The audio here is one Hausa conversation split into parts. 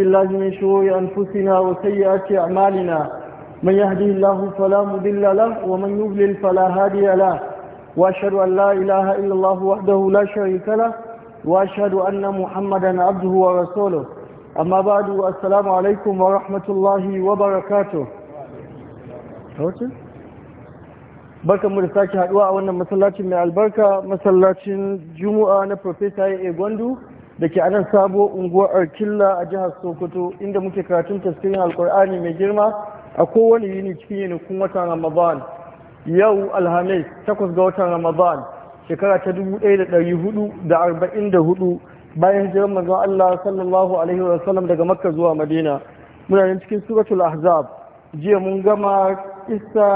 بالله من شرور أنفسنا وسيئات أعمالنا من يهدي الله فلا مضل له ومن يضلل فلا هادي له وأشهد أن لا إله إلا الله وحده لا شريك له وأشهد أن محمدا عبده ورسوله أما بعد السلام عليكم ورحمة الله وبركاته barkan mu da sake haduwa a wannan masallacin mai albarka masallacin juma'a na professor ya gwandu da ke anan sabo unguwar arkilla a jihar sokoto inda muke karatun tasirin alkur'ani mai girma a kowane yini cikin kun watan ramadan yau alhamis takwas ga watan ramadan shekara ta dubu ɗaya da ɗari hudu da arba'in da hudu bayan jiran manzon allah sallallahu alaihi wa sallam daga makka zuwa madina muna nan cikin suratul ahzab jiya mun gama isa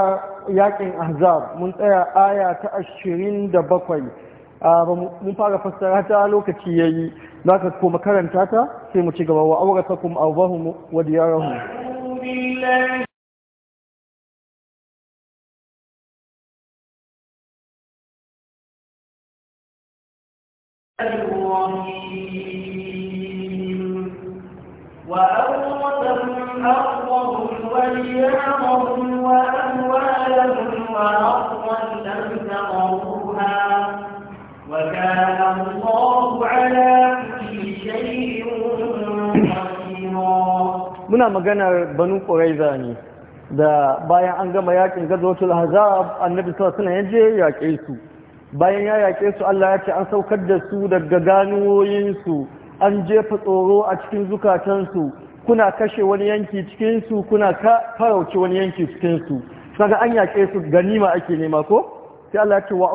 yakin ahzab mun tsaya aya ta ashirin da bakwai mun fara fassara ta lokaci yayi zaka koma karanta ta sai mu ci gaba wa auratakum awwahum wa diyarahum وأورثكم وأموالهم وأرضا لم تطروها muna maganar banu ƙuraiza ne da bayan an gama yakin gazotul hazab annabi sallallahu alaihi wasallam je yaƙe su bayan ya yaƙe su Allah ya ce an saukar da su daga ganuwoyin an jefa tsoro a cikin zukatansu, kuna kashe wani yanki cikinsu, su kuna farauci wani yanki cikin su an yaƙe su ganima ake nema ko sai Allah ya ce wa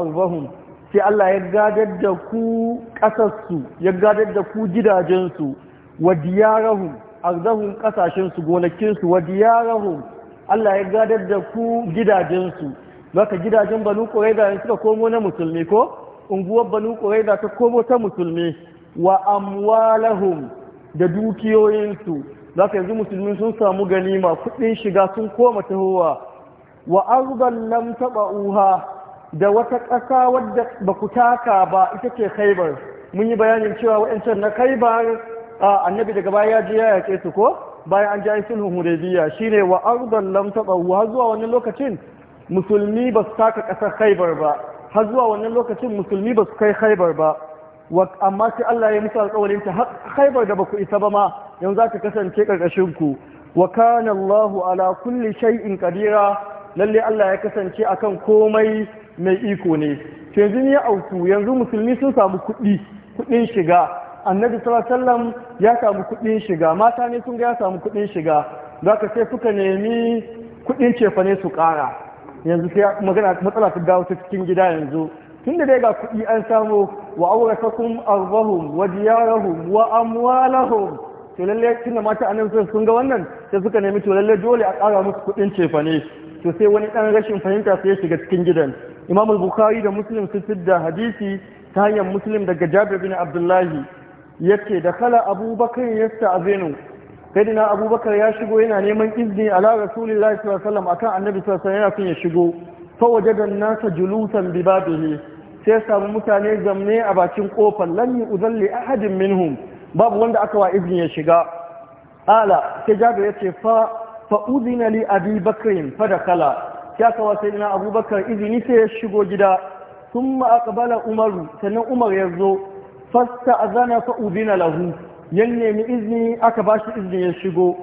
arbahum sai Allah ya gadar da ku ƙasarsu ya gadar da ku gidajensu wa diyarahum arzahum ƙasashensu gonakinsu wa diyarahum Allah ya gadar da ku gidajensu baka gidajen banu ƙuraida suka komo na musulmi ko unguwar banu ƙuraida ta komo ta musulmi wa amwalahum da dukiyoyinsu za ka yanzu musulmi sun samu ganima kuɗin shiga sun koma tahowa wa arzan lam taɓa uha da wata ƙasa wadda ba ku taka ba ita ce khaibar mun yi bayanin cewa wa'ancan na khaibar annabi daga baya je ya yaƙe su ko bayan an ji an sulhun shine wa ardan lam tatawu har zuwa wannan lokacin musulmi ba su taka ƙasar khaibar ba har zuwa wannan lokacin musulmi ba su kai khaibar ba amma sai Allah ya musu alƙawarin ta khaibar da ba ku isa ba ma yanzu za ta kasance ƙarƙashin ku wa kana Allahu ala kulli shay'in qadira lalle Allah ya kasance akan komai mai iko ne yanzu ya auku yanzu musulmi sun samu kuɗi kuɗin shiga annabi sallallahu ya samu kuɗin shiga mata ne sun ga ya samu kuɗin shiga za ka sai suka nemi kuɗin cefane su ƙara yanzu sai magana matsala ta dawo ta cikin gida yanzu tun da dai ga kuɗi an samu wa auratakum arbahum wa diyarahum wa amwalahum to lalle tun da mata annabi sun ga wannan sai suka nemi to lalle dole a ƙara musu kuɗin cefane to sai wani ɗan rashin fahimta sai ya shiga cikin gidan imam al-bukhari da muslim sun fidda hadisi ta hanyar muslim daga jabir bin abdullahi yace da kala abubakar yasta'zinu sayyidina abubakar ya shigo yana neman izini ala rasulullahi sallallahu alaihi wasallam akan annabi sallallahu alaihi wasallam yana son ya shigo fa wajada an-nasa julusan bi babihi sai samu mutane zamne a bakin kofar lan yuzalli ahadin minhum babu wanda aka wa izini ya shiga ala sai jabir yace fa fa udina li abi bakrin fa dakala ya kawo sai na abubakar izini sai ya shigo gida sun ma'akabala umaru sannan umar ya zo fasta a zana fa'udina lahu ya nemi izini aka ba shi izini ya shigo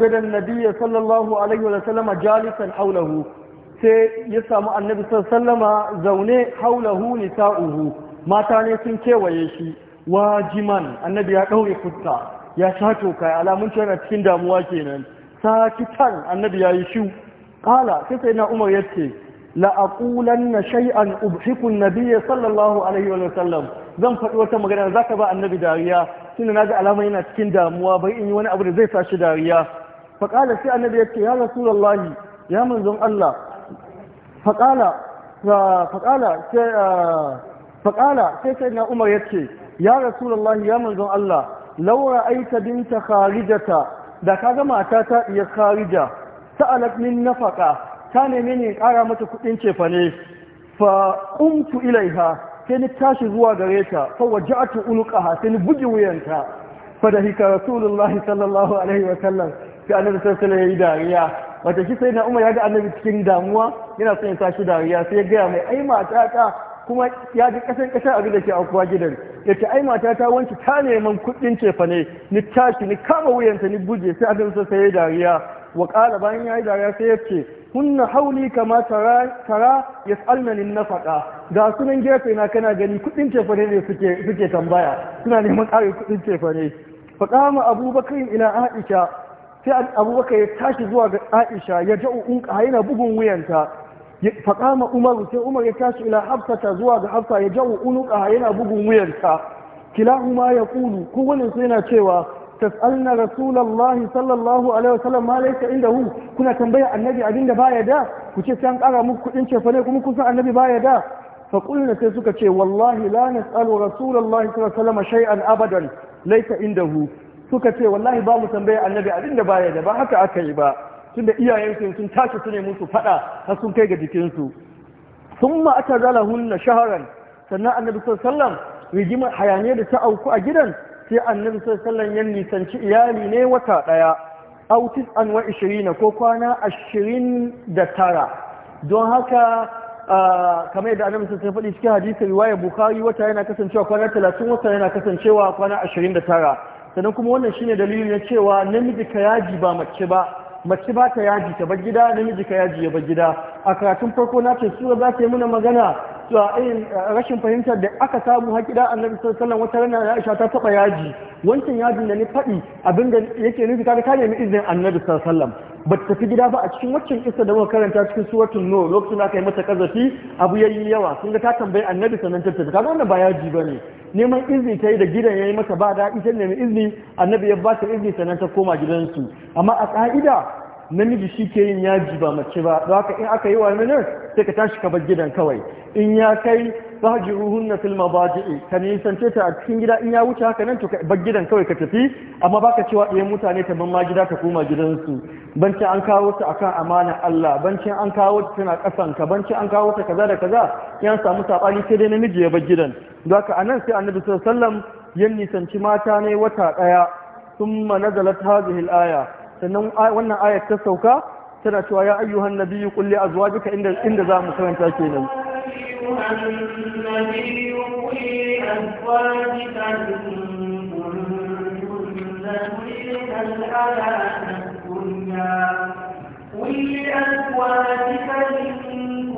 da nabiya sallallahu alaihi wa sallama jalisan haulahu sai ya samu annabi sallama zaune haulahu uhu mata ne sun kewaye shi wajiman annabi ya ɗaure fuska ya sha toka alamun cewa cikin damuwa kenan sakitan annabi ya yi shu qala sai sai na umar yace la aqulanna shay'an ubhiku an-nabiy sallallahu alaihi wa sallam zan faɗi wata magana za ka ba annabi dariya tunda na naga alama yana cikin damuwa bai in yi wani abu da zai sa shi dariya Faƙala qala sai annabi yace ya rasulullahi ya manzon Allah fa qala fa qala sai ah, fa qala sai sai na umar yace ya rasulullahi ya manzon Allah law ra'aita binta kharijata da ka kaga mata ta iya kharija sa'alat min nafaka ta neme ne ƙara mata kuɗin cefa ne fa qumtu ilaiha sai ni tashi zuwa gare ta fa waja'tu ha, sai ni buge wuyanta fa da hika rasulullahi sallallahu alaihi wa sallam sai annabi sallallahu alaihi wa dariya wata shi sai na umar ya ga annabi cikin damuwa yana son ya tashi dariya sai ya gaya mai ai mata ta kuma ya ji kasan kasan abin da ke aukuwa gidan ya ce ai mata ta wanki ta neman kuɗin cefa ne ni tashi ni kama wuyanta ni buge, sai abin sa sai dariya wa ƙala bayan ya yi dariya sai ya ce hunna hauli kama tara ya tsalna lin nafaka ga sunan gefe na kana gani kudin cefane ne suke tambaya suna neman ƙarin kudin cefane faƙama abubakar ina aisha sai abubakar ya tashi zuwa ga aisha ya ja'u unka yana bugun wuyanta faƙama umaru sai umar ya tashi ila hafsata zuwa ga hafsa ya jawo unuka yana bugun wuyarta kilahuma ya kulu kowane sai na cewa tasalna rasulullahi sallallahu alaihi wasallam ma laysa indahu kuna tambaya annabi abinda baya da ku ce sai an kara muku kudin cefane kuma kun san annabi baya da fa qulna sai suka ce wallahi la nas'alu rasulullahi sallallahu alaihi wasallam shay'an abadan laysa indahu suka ce wallahi ba mu tambaya annabi abinda baya da ba haka aka yi ba tunda iyayensu sun tashi su ne musu faɗa, har sun kai ga jikinsu thumma atazalahunna shahran sannan annabi rigimar hayaniyar da ta auku a gidan sai annabi sallallahu ya nisanci iyali ne wata ɗaya autis an wa 20 ko kwana 29 tara don haka kamar yadda annabi sallallahu faɗi cikin hadisi riwaya bukhari wata yana kasancewa kwana 30 wata yana kasancewa kwana 29 da tara sannan kuma wannan shine dalilin na cewa namiji ka yaji ba mace ba mace ba ta yaji ta bar gida namiji ka yaji ya bar gida a karatun farko na ce sura za ta yi muna magana Eh, rashin fahimtar da aka samu hakida, annabi sallallahu wata rana ya Aisha ta taba yaji wancan yajin da ni faɗi abinda yake nufi kaga ka nemi izinin annabi sallallahu ba ta tafi gida ba a cikin waccan kissa da muka karanta cikin suratun no lokacin da aka yi mata kazafi abu yayi yawa sun ga ta tambayi annabi sannan ta tafi kaga wannan ba yaji bane neman izini ta yi da gidan ya yi mata ba da ita nemi izini annabi ya ba ta izini sannan ta koma gidansu amma a ka'ida namiji shi ke yin yaji ba mace ba don haka in aka yi wa nan sai ka tashi ka bar gidan kawai in ya kai ruhun na filma ba ji'i ka nisance ta a cikin gida in ya wuce haka nan to ka bar gidan kawai ka tafi amma baka cewa ɗaya mutane ta ban ma gida ka koma gidansu Banci an kawo ta akan amana Allah banci an kawo ta tana kasan ka banci an kawo ta kaza da kaza ya samu saɓani sai dai namiji ya bar gidan don haka anan sai annabi sallallahu alaihi wasallam ya nisanci mata ne wata ɗaya ثم نزلت هذه الايه sannan wannan ayar ta sauka tana cewa ya ayyuhan nabiyyu qul li azwajika inda inda za mu karanta kenan قل لأزواجك إن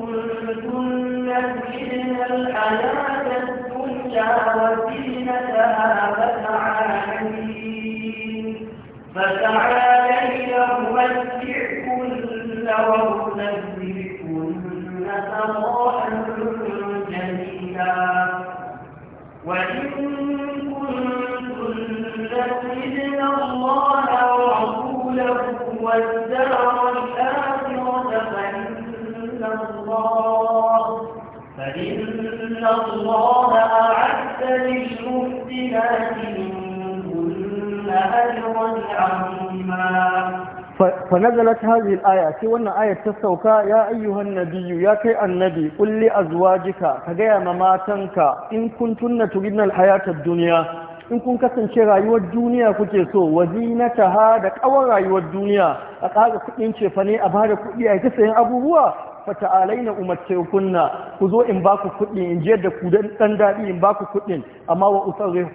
فتعالين أمتعكن وأنزلكن سراحا جميلا وإن كنتن تردن الله ورسوله والدار الآخرة فإن الله فإن الله أعد للمحسنات فنزلت هذه الآية في وانا آية تستوكا يا أيها النبي يا كي النبي قل لأزواجك كجايا مماتنك إن كنتن تريدن الحياة الدنيا in kun kasance rayuwar duniya kuke so wazinata ha da kawar rayuwar duniya a ƙara kuɗin cefane a bada kuɗi a ta sayan abubuwa fata'alai na umarce kunna ku zo in baku kuɗi in je da ku dan daɗi in baku kuɗi amma wa usarri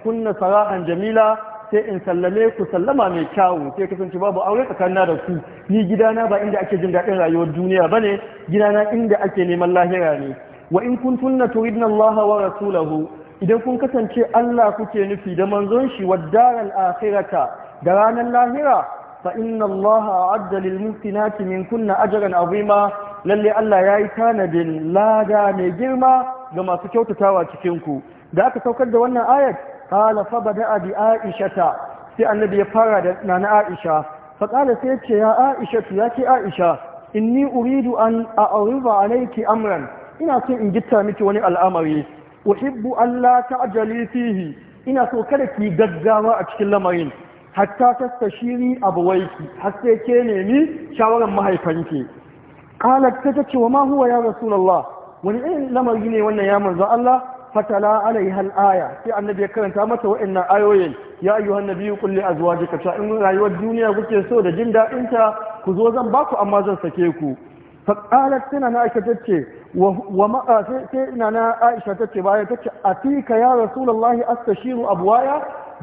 jamila sai in sallame ku sallama mai kyawu sai kasance babu aure tsakanina da ku ni gidana ba inda ake jin daɗin rayuwar duniya ba ne gidana inda ake neman lahira ne wa in tunna turidna Allah wa rasulahu idan kun kasance Allah kuke nufi da manzon shi wa daral akhirata da ranar lahira fa inna Allah a'adda lil muhsinati min kunna ajran azima lalle Allah yayi tanadin lada mai girma ga masu kyautatawa cikin ku da aka saukar da wannan ayat qala fa bada bi aishata sai annabi ya fara da nana aisha fa sai ya ce ya aisha ya ce aisha uridu an a'riba alayki amran ina so in gitta miki wani al'amari uhibbu Allah la ta'jali fihi ina so kada ki gaggawa a cikin lamarin hatta tastashiri abuwaiki har sai ke nemi shawaran mahaifanki qalat ta ce wa ma huwa ya rasulullah wani irin lamari ne wannan ya manzo Allah fatala alaiha al-aya sai annabi ya karanta masa wa'annan ayoyin ya ayyuhan nabiyyu qul li azwajika ta in rayuwar duniya kuke so da jin dadin ta ku zo zan baku amma zan sake ku fa qalat na aisha tace wa ma sai Sina na aisha tace baya tace atika ya rasulullahi astashiru abwaya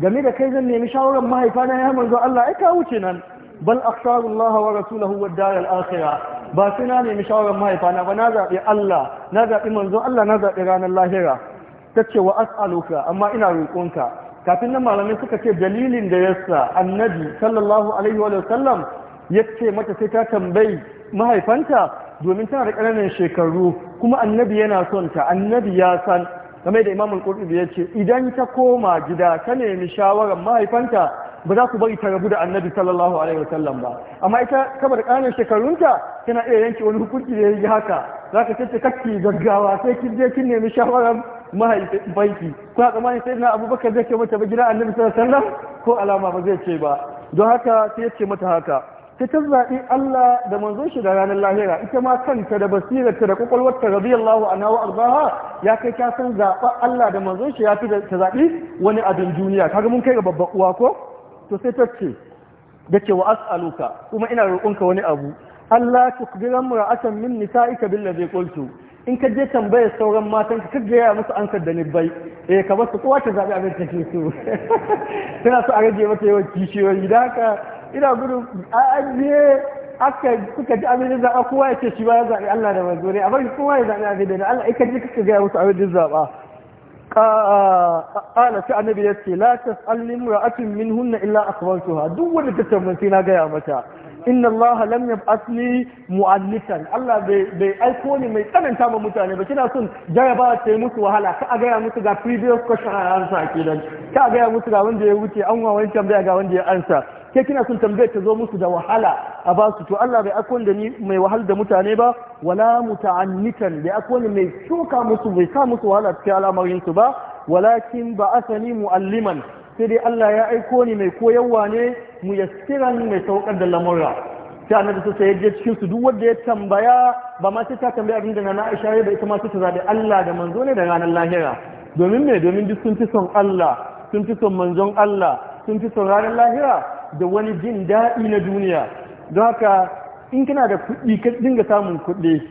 game da kai zan nemi shawarar mahaifana ya manzo Allah ai ka wuce nan bal akhsharu Allah wa rasuluhu wad dar al-akhirah ba sai na nemi shawarar mahaifana ba na zaɓi Allah na zaɓi manzo Allah na zaɓi ranar lahira ta ce wa as'aluka amma ina roƙonka kafin nan malamai suka ce dalilin da yasa annabi sallallahu alaihi wa sallam ya ce mata sai ta tambayi mahaifanta domin tana da ƙananan shekaru kuma annabi yana son ta annabi ya san game da imamul qurtubi ya ce idan ta koma gida ta nemi shawarar mahaifanta ba za ku bari ta rabu da annabi sallallahu alaihi wa sallam ba amma ita saboda ƙananan shekarunta tana iya yanke wani hukunci da ya yi haka za ka ce kakki gaggawa sai kin je kin nemi shawarar mahaifanki ko a tsammanin sai na abubakar zai ce mata ba annabi sallallahu alaihi wasallam ko alama ba zai ce ba don haka sai ya ce mata haka sai ta zaɓi Allah da manzon shi da ranar lahira ita ma kanta da basirarta da kwakwalwarta radiyallahu anha wa arzaha ya kai ka san zaɓa Allah da manzon shi ya fi ta zaɓi wani abin duniya kaga mun kai ga babban uwa ko to sai ta ce da ce wa as'aluka kuma ina roƙonka wani abu Allah tukbiran mura'atan min nisa'ika zai qultu in ka je tambayar sauran matan ka gaya musu an da ni bai eh ka basu kowa ta zabi abin take su? tana so a rage mata yawan kishiyoyi da haka ina gudu a ajiye aka suka ji abin da zaɓa kowa ya ce shi ba ya zaɓi Allah da manzo ne a bari kowa ya zaɓi abin da Allah ikan ji kaka gaya musu abin da zaɓa ƙala sai annabi ya ce la tas'alni imra'atin hunna illa akhbartuha duk wani ta tambaye na gaya mata inna Allah lam yab'athni mu'allifan Allah bai aiko ni mai tsananta ma mutane ba kina son jaraba ta yi musu wahala ka a gaya musu ga previous question and answer kenan ka a gaya musu ga wanda ya wuce an wawan tambaya ga wanda ya ansa ke kina son tambayar ta zo musu da wahala a ba su to Allah bai aiko ni mai wahala da mutane ba wala muta'annitan bai aiko ni mai shuka musu bai sa musu wahala cikin al'amarin su ba walakin ba asani mu'alliman sai dai Allah ya aiko ni mai koyarwa ne mu yassiran mai saukar da lamurra ta da su sai yaje cikin su duk wanda ya tambaya ba ma sai ta tambaya abin da na Aisha ya ba ita ma sai ta Allah da manzo ne da ranar lahira domin me domin duk sun fi son Allah sun fi son manzon Allah sun fi son ranar lahira da wani jin daɗi na duniya don haka in kana da kuɗi ka dinga samun kuɗi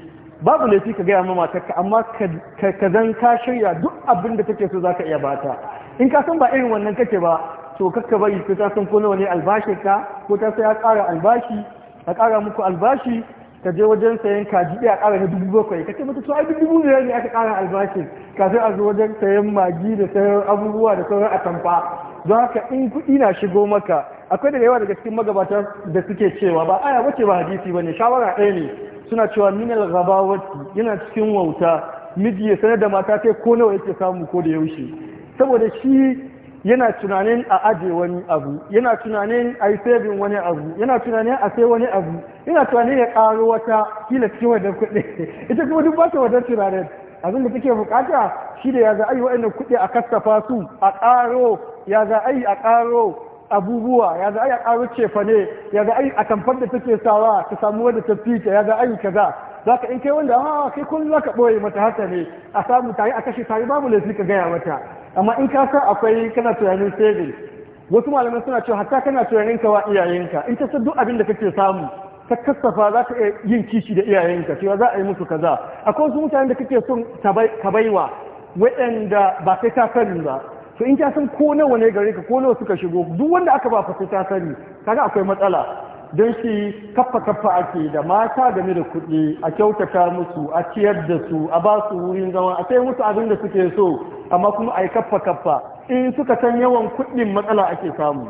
babu laifi ka gaya ma matarka amma ka zan ka shirya duk abin da take so zaka iya bata in ka san ba irin wannan kake ba to kakka bari ko ta san ko nawa ne albashin ka ko ta sai ya kara albashi a ƙara muku albashi ka je wajen sayan kaji ɗaya ƙara na dubu bakwai ka ce mata to ai dubu biyar ne aka ƙara albashin sai a zo wajen sayan magi da sayan abubuwa da sauran atamfa don haka in kuɗi na shigo maka akwai da yawa daga cikin magabata da suke cewa ba aya wace ba hadisi ba ne shawara ɗaya ne suna cewa minal gabawati yana cikin wauta miji ya sanar da mata kai ko nawa yake samu ko da yaushe saboda shi yana tunanin a aje wani abu yana tunanin a yi sabin wani abu yana tunanin a sai wani abu yana tunanin ya karo wata kila cikin wadda kuɗi ita kuma duk ba ta wadda tunanin abin da take bukata shi da ya za a yi wa'annan kuɗi a kastafa su a karo ya za a yi a karo abubuwa ya za a yi a karo cefane ya za a yi a tamfar da take sawa ta samu wadda ta fita ya za a yi kaza za ka in kai wanda ha ah, kai kullum za ka ɓoye mata haka ne a samu tare a kashe tare babu laifi ka gaya mata amma in ka san akwai kana tunanin saving wasu malamai suna cewa hatta kana tunanin kawa iyayenka in ta san duk abin da kake samu ta kasafa za ka iya yin kishi da iyayenka cewa za a yi musu kaza akwai wasu mutanen da kake son ka baiwa waɗanda ba sai ta sani ba to in ka san ko nawa ne gare ka ko nawa suka shigo duk wanda aka ba fa sai ta sani kaga akwai matsala don shi kaffa kafa ake da mata game da kuɗi a kyautata musu a ciyar da su a ba su wurin zama a sai musu abin da suke so amma kuma a yi kaffa kaffa in suka san yawan kuɗin matsala ake samu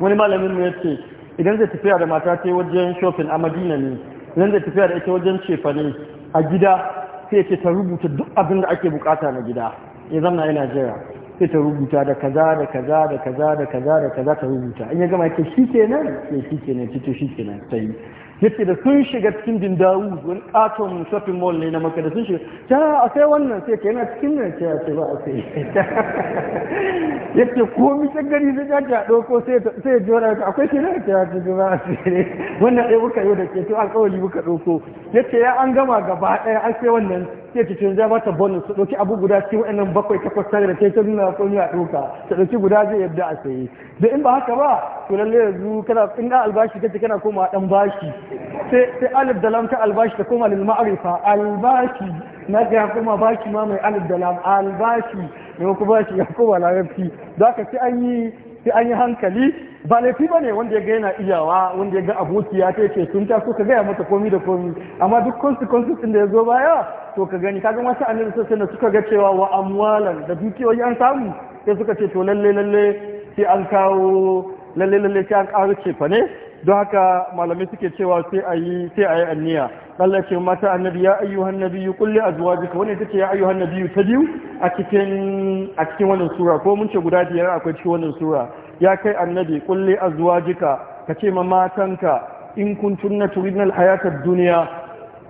wani malamin mu yace idan zai tafiya da mata ta wajen shopping a madina ne idan zai tafiya da ita wajen cefane a gida sai ce ta rubuta duk abin da ake bukata na gida ya zama yana jira sai ta rubuta da kaza da kaza da kaza da kaza da kaza ta rubuta in ya gama ta shi kenan sai shi kenan ta shi kenan ta yi yace da sun shiga cikin dindawu wani katon shopping mall ne na maka da sun shiga ta a sai wannan sai ke yana cikin nan ce ce ba a sai yace komi ta gari zai ta ta dauko sai ya jora ka akwai shi nan ta ta ba a sai ne wannan ɗaya muka yau da ke to alƙawari muka dauko yace ya an gama gaba ɗaya an sai wannan sai ki canza zai bata bonus su ɗauki abu guda cikin waɗannan bakwai takwas tare da sai ta nuna komai a ɗauka ta ɗauki guda zai yadda a sayi da in ba haka ba to lalle yanzu kana in da albashi kace kana koma dan bashi sai sai alif da lam ta albashi ta koma lil ma'rifa albashi na ga kuma bashi ma mai alif da lam albashi ne bashi ya koma larabci zaka ci an yi sai an yi hankali ba laifi ba ne wanda ya ga yana iyawa wanda ya ga abokiya ta ce sun ta so ka gaya mata komi da komi amma duk consequences da ya zo baya to ka gani kaga wasu annabi sassan da suka ga cewa wa amwalan da dukiyoyi an samu sai suka ce to lalle lalle sai an kawo lalle lalle sai an karo ce fa ne don haka malamai suke cewa sai a yi sai a yi anniya Allah ce mata annabi ya ayyuhan nabiyyu qul li azwajika wannan take ya ayyuhan nabiyyu ta biyu a cikin a cikin wannan sura ko mun ce guda biyar akwai cikin wannan sura ya kai annabi kulli li azwajika ka ce ma matanka in kuntunna turidna alhayata ad-dunya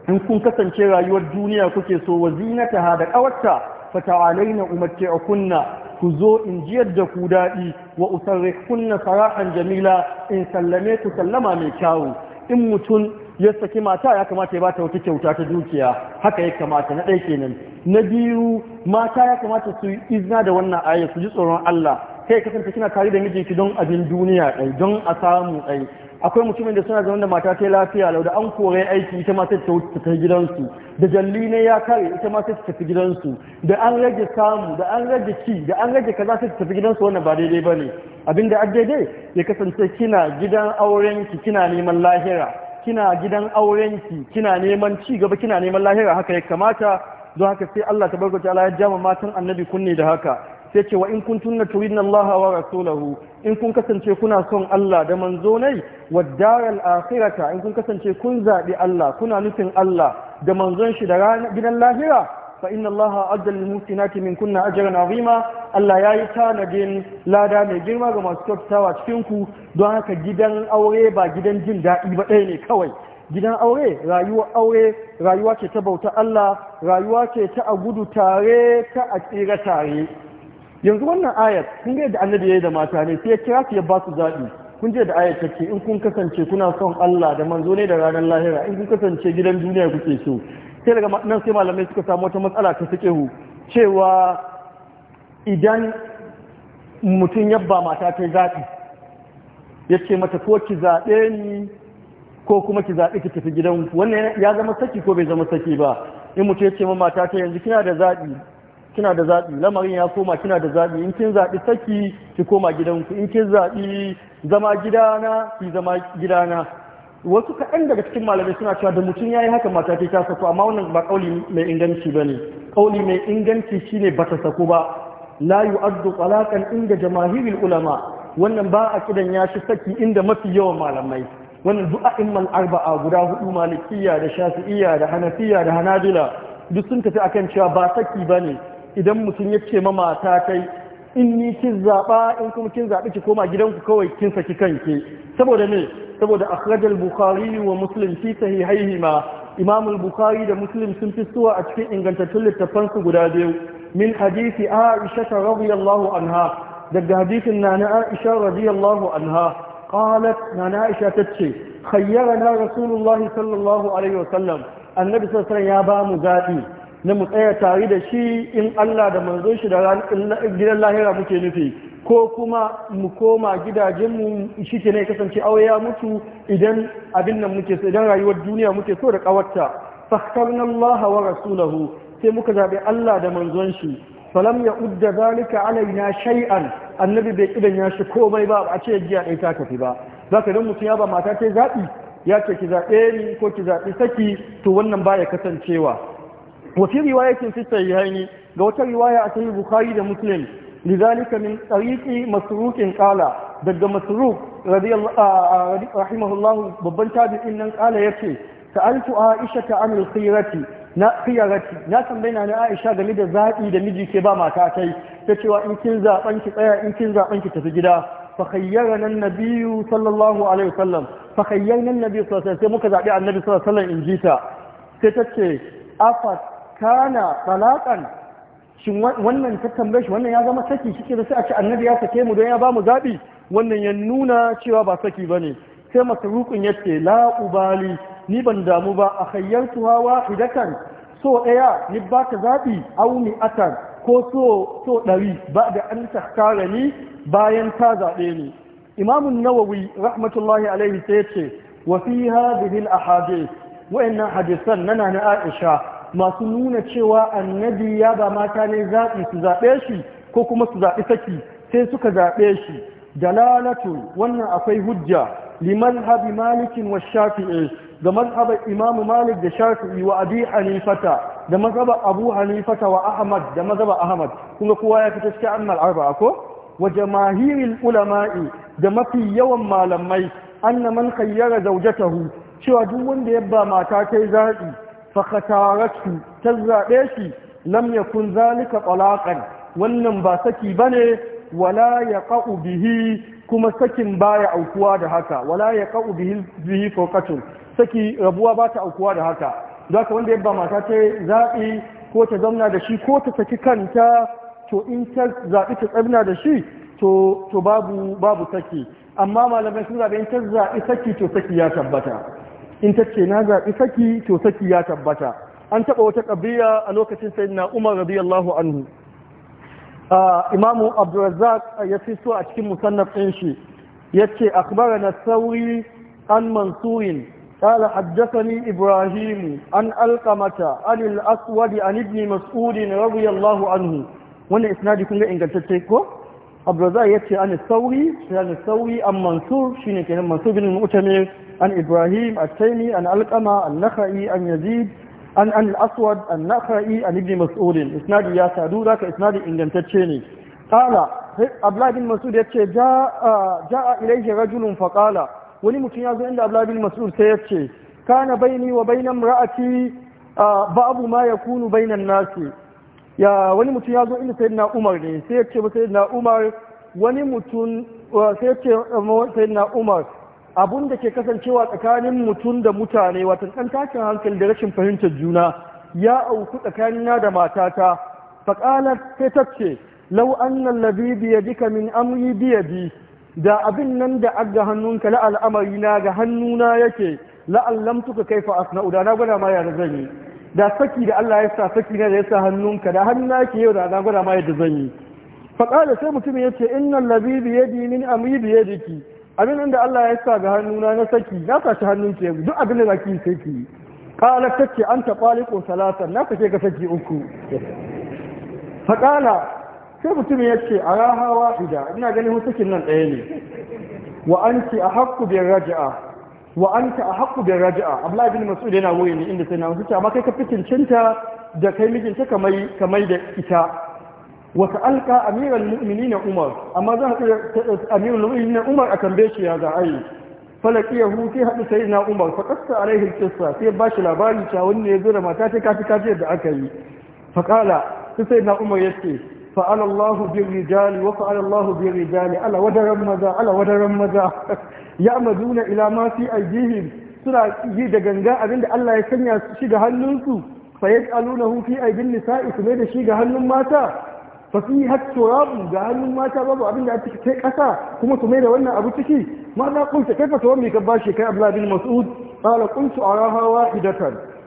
in kun kasance rayuwar duniya kuke so wa zinataha da kawarta a kunna? ku zo in jiyar da ku daɗi wa usarri kunna sara'an jamila in sallame ku sallama mai kyawu in mutum ya saki mata ya kamata ya bata wata kyauta ta dukiya haka ya kamata na ɗaya kenan na biyu mata ya kamata su izina da wannan aya su ji tsoron Allah kai kasance kina tare da mijinki don abin duniya ɗai don a samu ɗai akwai mutumin da suna zaune da mata ta lafiya lau da an kore aiki ita ma sai ta tafi gidansu da jalli ne ya kare ita ma sai ta tafi gidansu da an rage samu da an rage ci da an rage kaza sai ta tafi gidansu wannan ba daidai bane abinda an daidai ya kasance kina gidan aurenki kina neman lahira kina gidan aurenki kina neman ci gaba kina neman lahira haka ya kamata don haka sai Allah tabaraka ta'ala ya jama matan annabi kunne da haka sai cewa in kun turidna Allah wa rasulahu in kun kasance kuna son Allah da manzo nai wad-daral akhirata in kun kasance kun zabi Allah kuna nufin Allah da manzon shi da gidan lahira fa inna Allah adda lil muhsinati min kunna ajran azima Allah yayi tanadin lada mai girma ga masu kyautatawa cikin ku don haka gidan aure ba gidan jin daɗi ba ɗaya ne kawai gidan aure rayuwa aure rayuwa ce ta bauta Allah rayuwa ce ta a gudu tare ta a tsira tare yanzu wannan ayat kun ga yadda annabi yi da mata ne sai ya kira su ya ba su zabi kun je da ayat take in kun kasance kuna son Allah da manzo ne da ranar lahira in kun kasance gidan duniya kuke so sai daga nan sai malamai suka samu wata matsala ta fiqhu cewa idan mutum yabba mata ta zaɓi ya ce mata ko ki zaɓe ni ko kuma ki zaɓe ki tafi gidan wannan ya zama saki ko bai zama saki ba in mutum ce ma mata ta yanzu kina da zaɓi. kina da zaɓi lamarin ya koma kina da zaɓi in kin zaɓi saki ki koma gidanku in kin zaɓi zama gidana ki zama gidana wasu kaɗan daga cikin malamai suna cewa da mutum ya yi haka mata ta ta sako amma wannan ba ƙauli mai inganci ba ne ƙauli mai inganci shine ba ta sako ba la addu talaqan inda jamahiril ulama wannan ba a kidan ya shi saki inda mafi yawan malamai wannan du'a imman arba'a guda hudu malikiya da shafi'iyya da hanafiya da hanabila duk sun tafi akan cewa ba saki ba ne. idan mutum ya ce ma mata kai in ni kin zaɓa in kuma kin zaɓi ki koma gidanku kawai kin saki kanki saboda me saboda akhrajal bukhari wa muslim fi sahihaihima imam al-bukhari da muslim sun fi suwa a cikin ingantattun littafan su guda biyu min hadisi aisha radiyallahu anha daga hadisin nana aisha radiyallahu anha qalat nana aisha tace khayyarana rasulullahi sallallahu alaihi wasallam annabi sallallahu alaihi wasallam ya ba mu zaɓi na mu tsaya tare da shi in Allah da manzo shi da gidan lahira muke nufi ko kuma mu koma gidajenmu shi ke ne kasance aure ya mutu idan abin nan muke so idan rayuwar duniya muke so da kawarta fahkarna Allah wa rasulahu sai muka zabe Allah da manzon shi Salam ya udda zalika alaina shay'an annabi bai kidan ya shi komai ba a ce jiya dai ta tafi ba zaka dan mutum ya ba mata ce zabi ya ce ki zabe ni ko ki zabi saki to wannan baya kasancewa wa fi riwayatin fi sahihaini ga wata riwaya a sahih bukhari da muslim lidhalika min tariqi masruqin qala daga masruq radiyallahu rahimahullahu babban tabi'in nan qala yace sa'altu aisha ta anil khirati na khirati na tambaye na aisha game da zabi da miji ke ba mata kai ta cewa in kin zaben ki tsaya in kin zaben ki tafi gida fa khayyarana an-nabiyyu sallallahu alaihi wasallam fa khayyarna an-nabiyyu sallallahu muka zabi annabi sallallahu alaihi wasallam in jita sai ta ce kana talaqan shin wannan ta tambaye shi wannan ya zama saki shi ke sai a ce annabi ya sake mu don ya ba mu zabi wannan ya nuna cewa ba saki bane sai masarukun yace la ubali ni ban damu ba a hayyarsu hawa idakan so ɗaya ni ba ka zaɓi auni atan ko so so ɗari ba da an tattara ni bayan ta zaɓe ni imamun nawawi rahmatullahi alaihi sai ce wa fi hadhihi al ahadith wa hadisan nana na aisha masu nuna cewa annabi ya ba mata ne zaɓi su zaɓe shi ko kuma su zaɓi saki sai suka zaɓe shi dalalatu wannan akwai hujja liman habi malikin wa shafi'i ga mazhabar imamu malik da shafi'i wa abi hanifata da mazhabar abu hanifata wa ahmad da mazhabar ahmad kuma kowa ya fita cikin annal arba'a ko wa jamahiril ulama'i da mafi yawan malamai anna man khayyara zawjatahu cewa duk wanda ya ba mata kai zaɓi fakataratu ta zaɓe shi lam yakun zalika talaqan wannan ba saki bane wala ƙa'u bihi kuma sakin baya aukuwa da haka wala ya ƙa'u bihi fawqatun saki rabuwa ba ta aukuwa da haka ka wanda yabba mata ce zaɓi ko ta zauna da shi ko ta saki kanta to in ta zaɓi ta tsabna da shi to babu saki amma malamai sun zaɓi in ta zaɓi saki to saki ya tabbata in ta ce na zaɓi saki to saki ya tabbata an taɓa wata ƙabiya a lokacin sai na umar radiyallahu anhu imamu abdulrazak ya fito a cikin musannaf ɗin shi ya ce akbara na sauri an mansurin kala haddasani ibrahim an alkamata anil aswadi an ibni mas'udin radiyallahu anhu wannan isnadi kun ga ingantacce ko abdulrazak ya ce an sauri shi ne kenan mansur bin mutane عن إبراهيم التيمي عن ألقمة النخعي عن يزيد عن عن الأسود النخعي عن ابن مسعود إسناد يا سعدورة كإسناد إن تتشيني قال أبلا بن مسعود جاء جاء إليه رجل فقال wani mutum ya zo inda ablabin mas'ud sai ya ce kana baini wa bainan ra'ati babu ma ya kunu bainan nasi ya wani mutum ya zo inda sayyidina umar ne umar wani mutum umar abun da ke kasancewa tsakanin mutum da mutane watan ɗan tashin hankali da rashin fahimtar juna ya auku na da matata faƙalar sai ta ce lau annan labi jika min amri bi da abin nan da ga hannunka la al'amari na ga hannuna yake la'allam tuka kai fa da na gwada ma yana zan yi da saki da Allah ya sa saki na da ya sa hannunka da hannuna yake yau da na gwada ma yana zan yi faƙalar sai mutum ya ce innan labi biyadi min amri jiki. abin da Allah ya sa ga hannuna na saki na sashi hannun ke duk abin da zaki sai yi. kala ce an ta ko salata na kace ka saki uku faƙala sai mutum ya ce a rahawa wahida ina ganin hukuncin nan ɗaya ne wa a ahqqu bir raj'a wa Abdullahi bin Mas'ud yana wuri ne inda sai na amma kai ka fitin cinta da kai mijinta kamar da ita wata alka Amiran mu'mini na umar amma za a amiral mu'mini na umar a tambaye shi ya za a yi falaki ya hutu haɗu sai na umar faƙasta a rahin kissa sai ba shi labari cewa wanda ya zo da mata ta kafi kafi yadda aka yi faƙala sai na umar ya ce fa'ala Allahu bin rijali wa fa'ala Allahu bin rijali ala wadaran maza ala wadaran maza ya mazuna ila ma fi aijihim suna yi da ganga abinda Allah ya sanya shi ga hannunsu fa yaj'alunahu fi aidin nisa'i su mai da shi ga hannun mata fasihat turabu ga hannun mata babu abin da ake kai kasa kuma su mai da wannan abu ciki ma na kunta kai fatawa wani ka bashi kai Abdullah bin Mas'ud qala kuntu a raha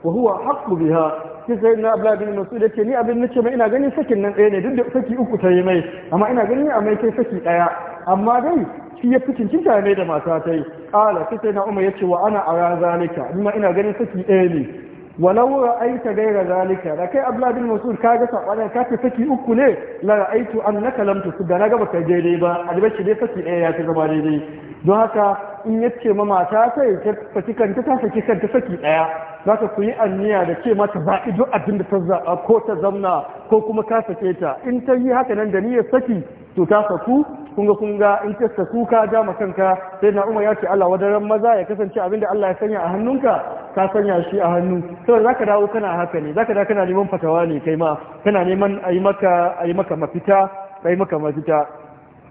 wa huwa haƙƙu biha sai sai na Abdullah bin Mas'ud yake ni abin nace mai ina ganin sakin nan ɗaya ne duk da saki uku ta yi mai amma ina ganin a mai kai saki ɗaya amma dai shi ya fi ta mai da mata ta yi qala sai na Umar ce wa ana ara zalika amma ina ganin saki ɗaya ne walau ra'aita gaira zalika da kai abdullahi bin mas'ud ka ga sabanin saki uku ne la ra'aitu annaka lam da na ga baka daidai ba albashi dai saki ɗaya ya ta zama daidai don haka in ya ce ma mata sai ta saki kanta ta saki kanta saki ɗaya za ka kuyi anniya da ce mata zaɓi duk abin da ta zaɓa ko ta zamna ko kuma ka sake ta in ta yi haka nan da niyyar saki to ta saku kunga kunga in ta saku ka ja ma kanka sai na umar ya ce Allah wadaran maza ya kasance abin da Allah ya sanya a hannunka ka sanya shi a hannu saboda zaka dawo kana haka ne zaka dawo kana neman fatawa ne kai ma kana neman a maka a maka mafita a maka mafita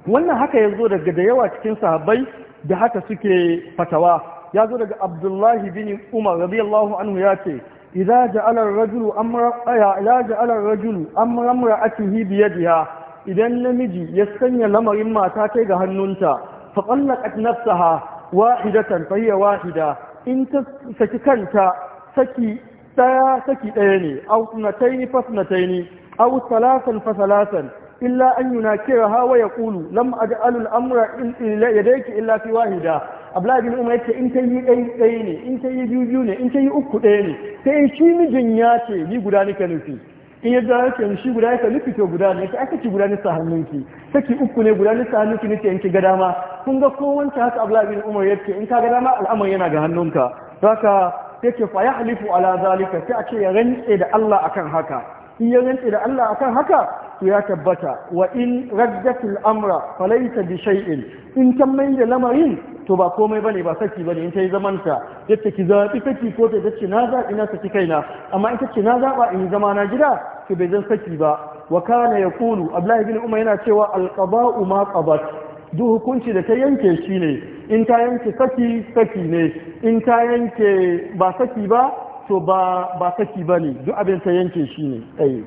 wannan haka ya zo daga da yawa cikin sahabbai da haka suke fatawa ya zo daga Abdullahi bin Umar radiyallahu anhu ya ce idza ja'ala ar-rajulu amra ya ja'ala ar-rajulu amra idan namiji ya sanya lamarin mata kai ga hannunta fa qallaqat nafsaha wahidatan fa hiya wahida in ta saki kanta saki daya saki daya ne aw sunataini fa sunataini aw salasan fa salasan illa an yunakiraha wa yaqulu lam aj'al al-amra illa yadayki illa fi wahida abdullahi bin umar yace in ta yi ɗaya ɗaya ne in ta yi biyu biyu ne in ta yi uku ɗaya ne sai shi mijin ya ce ni guda nika nufi in ya dawo ce shi guda ya nufi guda ne aka ci guda nisa hannunki saki uku ne guda nisa hannunki ne in ki ga dama kun ga ko wancan haka Abdullahi bin Umar yake in ka ga dama al'amar yana ga hannunka haka yake fa yahlifu ala zalika sai a ce ya rantse da Allah akan haka in ya rantse da Allah akan haka to ya tabbata wa in raddatil amra falaysa bi shay'in in ta mai da lamarin to ba komai bane ba saki bane in ta yi zaman ta yace ki zabi saki ko ta ce na zabi na saki kaina amma in ta ce na zaba in zama na gida to bai zan saki ba wa kana yaqulu abdullahi bin umar yana cewa al qada'u ma qabat duk hukunci da ta yanke shi ne in ta yanke saki saki ne in ta yanke ba saki ba to ba ba saki bane duk abin ta yanke shi ne eh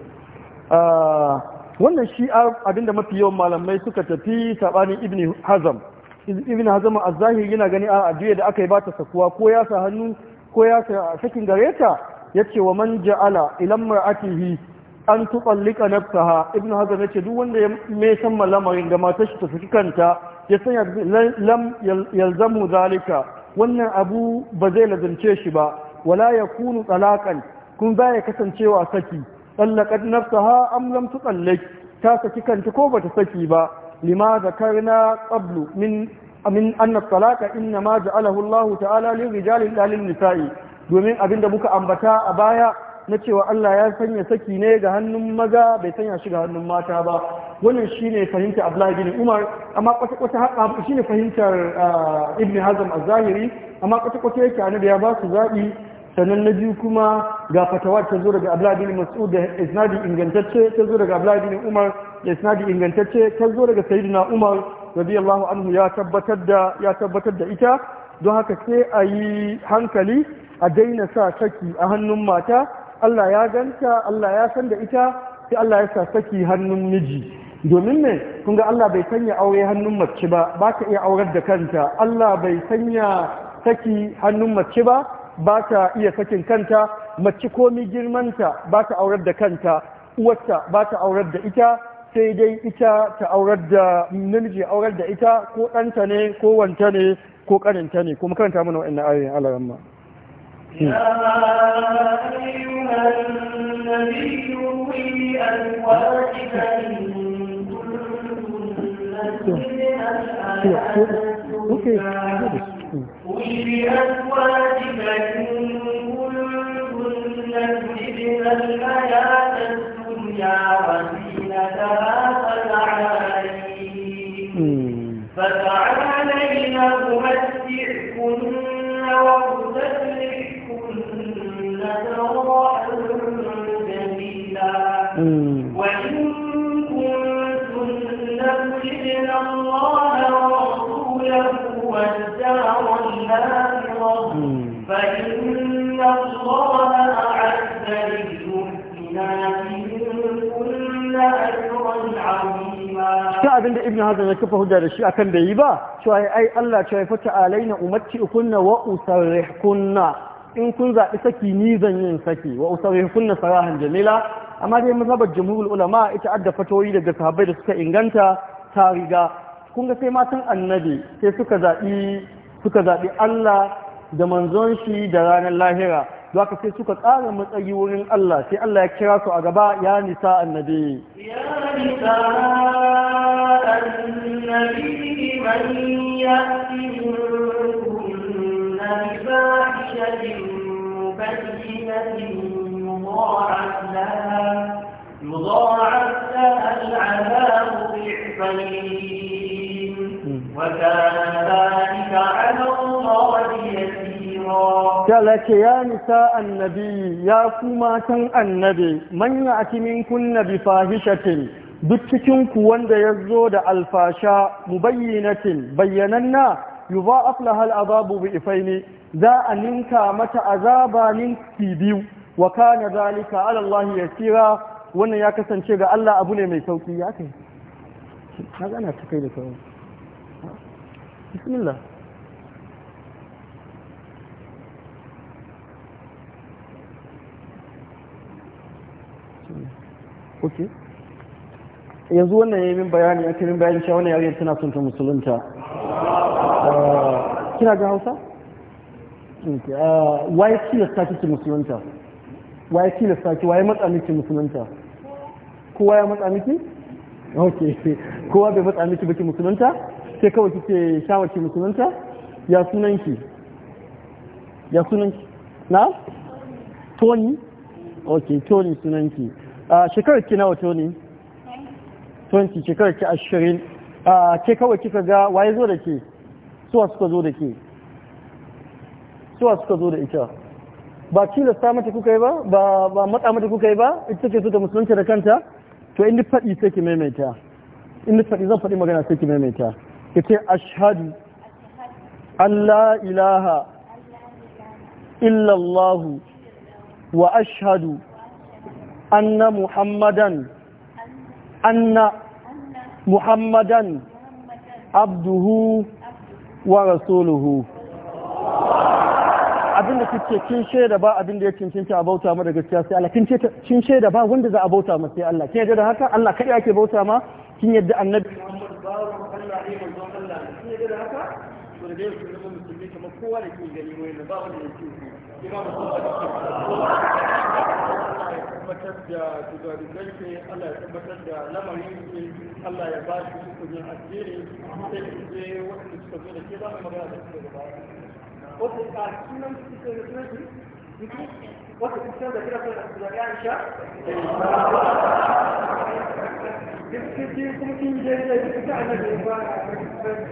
ah, wannan shi abinda mafi yawan malamai suka tafi sabanin ibn hazam ibn hazam a zahiri yana gani a addu'a da aka yi ba ta sakuwa ko ya sa hannu ko ya sa sakin gareta ce wa man ja'ala 'Ilan mar'atihi an na nafsaha ibn hazam ce duk wanda ya me san malamarin da matar shi ta saki kanta ya sanya lam yalzamu zalika wannan abu ba zai lazance shi ba wala ya kunu tsalakan kun ya kasancewa saki tsallakar nafsaha am lam tusallak ta saki kanta ko bata saki ba lima zakarna qablu min min anna talaqa inna ma ja'alahu Allah ta'ala lil rijali dalil nisa'i domin abinda muka ambata a baya na cewa Allah ya sanya saki ne ga hannun maza bai sanya shi ga hannun mata ba wannan shine fahimta Abdullahi bin Umar amma kwata kwata shine fahimtar ah, Ibn Hazm az-Zahiri amma kwata kwata yake da ya ba su zabi sannan na biyu kuma ga fatawar ta zo daga abdullahi bin mas'ud da isnadi ingantacce ta zo daga abdullahi umar da isnadi ingantacce ta zo daga sayyidina umar radiyallahu anhu ya tabbatar da ya tabbatar da ita don haka sai a yi hankali a daina sa saki a hannun mata Allah ya ganta Allah ya san da ita sai Allah ya sa saki hannun miji domin me kun ga Allah bai sanya aure hannun mace ba ba ka iya aurar da kanta Allah bai sanya saki hannun mace ba ba ta iya sakin kanta mace komi girmanta ba ta aurar da kanta uwarta ba ta aurar da ita sai dai ita ta aurar da namiji aurar da ita ko ɗanta ne ko wanta ne ko ƙaninta ne kuma karanta mana na ayoyin alaramma يا قل بأزواجك الدنيا وزينتها ibn hazan ya kafa hujja da shi akan bai yi ba cewa ai Allah cewa alaina umarci kunna wa kunna in kun zaɓi saki ni zan yin saki wa kunna sarahan jamila amma dai mazhabar jumhurul ulama ita adda fatoyi daga sahabbai da suka inganta ta riga kun ga sai matan annabi sai suka zaɓi suka zaɓi Allah da manzon shi da ranar lahira don haka sai suka tsara matsayi wurin Allah sai Allah ya kira su a gaba ya nisa annabi ya nisa annabi man ya'tikum nabibahishatin وكان ذلك على الله يسير talake ya nisa annabi ya ku matan annabi manya a ati kunna bi fahishatin duk cikin ku wanda ya zo da alfasha mubayyinatin bayyananna yudha'af laha babu bi ifaini za a ninka mata azaba ninki biyu wa kana zalika ala Allah yasira wannan ya kasance ga Allah abu ne mai sauki ya kai na gana ta kai da bismillah ok yanzu wannan ya yi min bayani ya min bayani cewa wani yarinyar tana son ta musulunta ah, kina ga hausa ah, waye tilasta kike musulunta waye tilasta ki waye matsa miki musulunta kowa ya matsa miki ok kowa bai matsa miki baki musulunta sai kawai kike shawarci musulunta ya sunanki ya sunanki na tony ok tony sunanki a ah, shekarar ki nawa to ne 20 shekarar ki 20 a ah, ke kawai kika ga waye zo da ke suwa suka zo da ke suwa suka zo da ita ba sa mata kuka yi ba ba matsa mata kuka yi ba ita ce suka musulunci da kanta to in faɗi sai ki maimaita inda faɗi zan faɗi magana sai ki maimaita ki ce ashhadu Allah ilaha illallahu wa ashhadu أن محمدا أن محمدا عبده ورسوله abin da kike kin shaida ba abinda ya cincinta a bauta ma da gaskiya sai Allah kin kin shaida ba wanda za a bauta ma sai Allah kin yadda da haka Allah kai ake bauta ma kin yadda annabi Muhammad bawon Allah ne manzon Allah kin yadda da haka to da dai su zama musulmi kamar kowa da ke gani wai ba wanda ya ce imam Muhammad tabbatar da shugabannin shi Allah ya tabbatar da lamarin shi Allah ya ba shi kudin asiri sai su je wasu suka zo da ke za mu magana da su gaba wasu a sunan suke da sunan shi wasu kusan da kira suna da Aisha gaskiya kuma kin je da kika annabi ba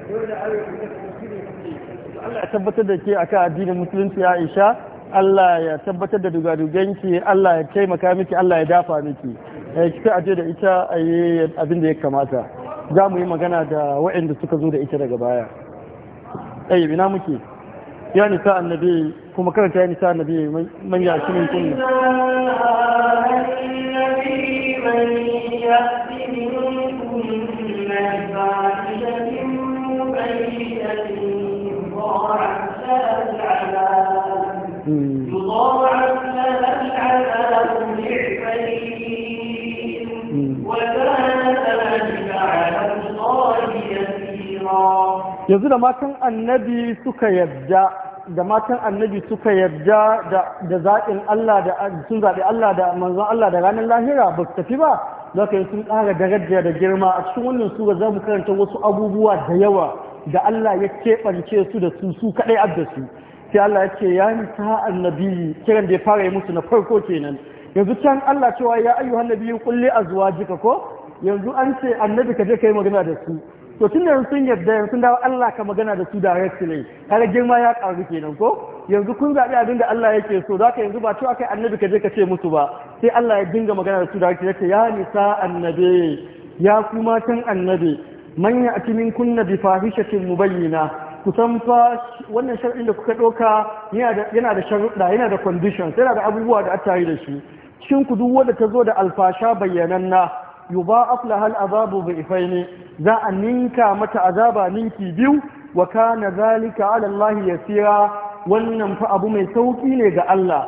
dole a yi da kuma Allah ya tabbatar da ke akan addinin musulunci Aisha Allah ya tabbatar da dugadugenki Allah ya taimaka miki Allah ya dafa miki eh, ki ta aje da ita a yi abin da ya kamata za mu yi magana da waɗanda suka zo da ita daga baya ɗaya eh, ina muke ya nisa annabi kuma karanta ya nisa annabi man ya shi min kunna من yanzu da matan annabi suka yarda da matan annabi suka yarda da zaɓin Allah da sun zaɓi Allah da manzon Allah da ranar lahira ba su tafi ba za ka yi sun ƙara daraja da girma a cikin wannan sura za mu karanta wasu abubuwa da yawa da Allah ya keɓance su da su su kaɗai abda su sai Allah ya ce ya ta annabi kiran da ya fara yi musu na farko kenan yanzu can Allah cewa ya ayyuhan nabiyyu kulli a zuwa jika ko yanzu an ce annabi ka je kai magana da su to tun da sun yadda yanzu dawo Allah ka magana da su da rasulai kada girma ya karu kenan ko yanzu kun zabi abin da Allah yake so ka yanzu ba cewa kai annabi ka je ka ce musu ba sai Allah ya dinga magana da su da rasulai yace ya nisa annabi ya kuma matan annabi man a min kunna bi fahishatin mubayyina kusan fa wannan shar'in da kuka ɗauka yana da sharuɗa yana da conditions yana da abubuwa da yi da shi cikin ku duk wanda ta zo da alfasha na bayyananna Afla, hal azabu ifai ifaini za a ninka mata azaba ninki biyu wa ka na zalika alallahi ya tsira wannan fa abu mai sauki ne ga Allah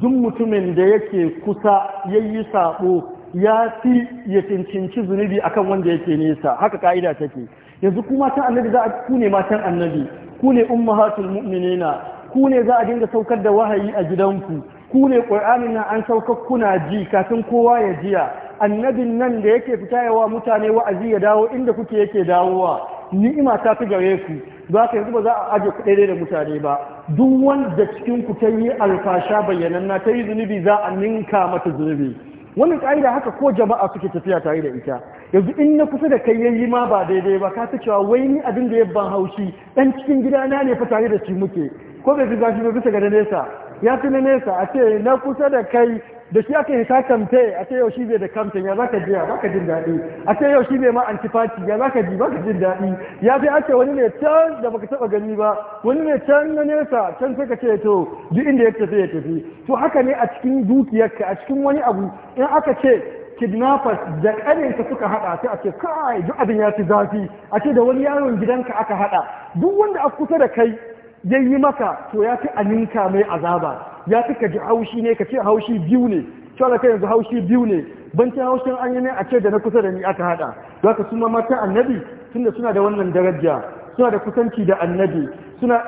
duk mutumin da yake kusa ya yi saɓo, ya fi ya cincinci zunubi akan wanda yake nesa haka ka'ida take yanzu ku matan annabi za a ku ne matan annabi ku ne ummahatul mu'minina ku ne za a dinga saukar da wahayi a gidanku ku ne qur'anin nan an saukar kuna ji kafin kowa ya jiya annabin nan da yake fita yawa mutane wa'azi ya dawo inda kuke yake dawowa ni'ima ta fi gare ku za ka yanzu ba za a aje ku daidai da mutane ba duk wanda cikin ku ta yi alfasha na ta yi zunubi za a ninka mata zunubi wannan ka'ida haka ko jama'a suke tafiya tare da ita yanzu in na kusa da kai yayi ma ba daidai ba ka ta cewa wai ni abin da ya ban haushi dan cikin gidana ne fa tare da shi muke ko bai zuba shi ba bisa ga nesa ya fi na nesa a ce na kusa da kai da shi aka yi kamfe a ce yau shi bai da kamfen ya zaka jiya ka jin daɗi a ce yau shi bai ma antifati ya zaka ji ba ka jin daɗi ya fi ake wani ne can da baka taɓa gani ba wani ne can na nesa can sai ka ce to duk inda ya tafi ya tafi to haka ne a cikin dukiyarka a cikin wani abu in aka ce kidnappers da ƙaninka suka haɗa sai a ce kai duk abin ya fi zafi a ce da wani yaron gidanka aka haɗa duk wanda a kusa da kai ya yi maka to ya fi aminka mai azaba ya fi ka ji haushi ne ka ce haushi biyu ne cewa kai yanzu haushi biyu ne ban ce haushin an yi ne a ce da na kusa da ni aka haɗa za ka suna mata annabi tunda suna da wannan daraja suna da kusanci da annabi suna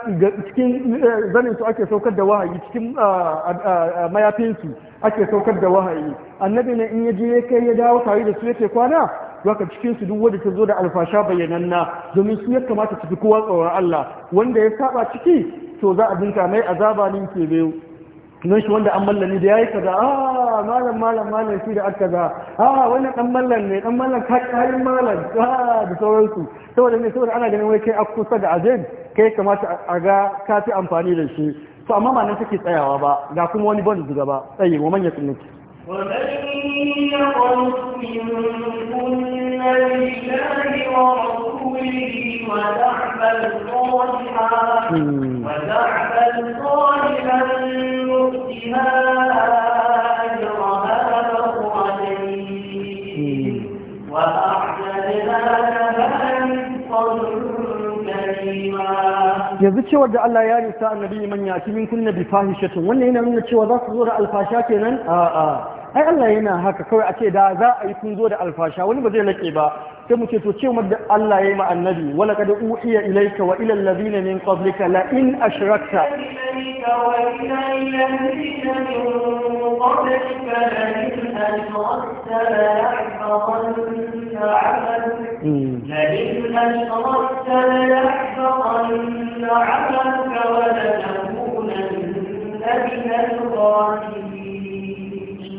cikin eh, zanin su ake saukar da wahayi cikin ah, ah, ah, mayafinsu su ake saukar da wahayi annabi ne in ya je ya kai ya dawo tare da su yake kwana Waka cikin su duk wanda ta zo da alfasha bayyananna domin su ya kamata su fi kowa tsoron Allah wanda ya saba ciki to za a binta mai azaba ninke biyu sunan shi wanda an mallani da yayi kaza ah malam malam malam shi da aka kaza ah wannan dan mallan ne dan mallan ka kayan malam ah da sauransu saboda ne saboda ana ganin wai kai a kusa da azin kai kamata a ga ka amfani da shi to amma ba nan take tsayawa ba ga kuma wani ban zuga ba tsaye wa manya tsinci ومن يقنط منكن لله ورسوله وتعمل صالحا وتعمل صالحا نؤتها أجرها مرتين yanzu cewar da Allah ya risa annabi manya yati min kunna bi fahishatin wannan yana nuna cewa za su zo da alfasha kenan a'a ai Allah yana haka kawai a ce da za a yi kun da alfasha wani ba zai lake ba sai mu ce to ce da Allah ya yi ma annabi wala kad uhiya ilayka wa ila alladhina min qablika la in ashrakta لئن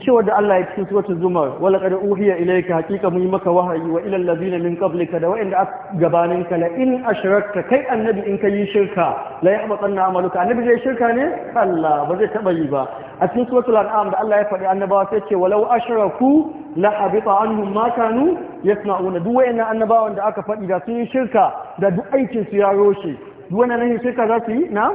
cewa da Allah ya cikin suratul zumar wala qad uhiya ilayka haqiqa mun maka wahayi wa ilal ladina min qablika da wa'inda gabanin ka la in ashrakta kai annabi in kai shirka la yahbatanna amaluka annabi zai shirka ne Allah ba zai taba yi ba a cikin suratul an'am da Allah ya faɗi annabawa sai ce walau ashraku la habita anhum ma kanu yasna'una duk wa'inda annabawan da aka faɗi da sun yi shirka da duk aikin su ya roshe duk wannan shirka za su yi na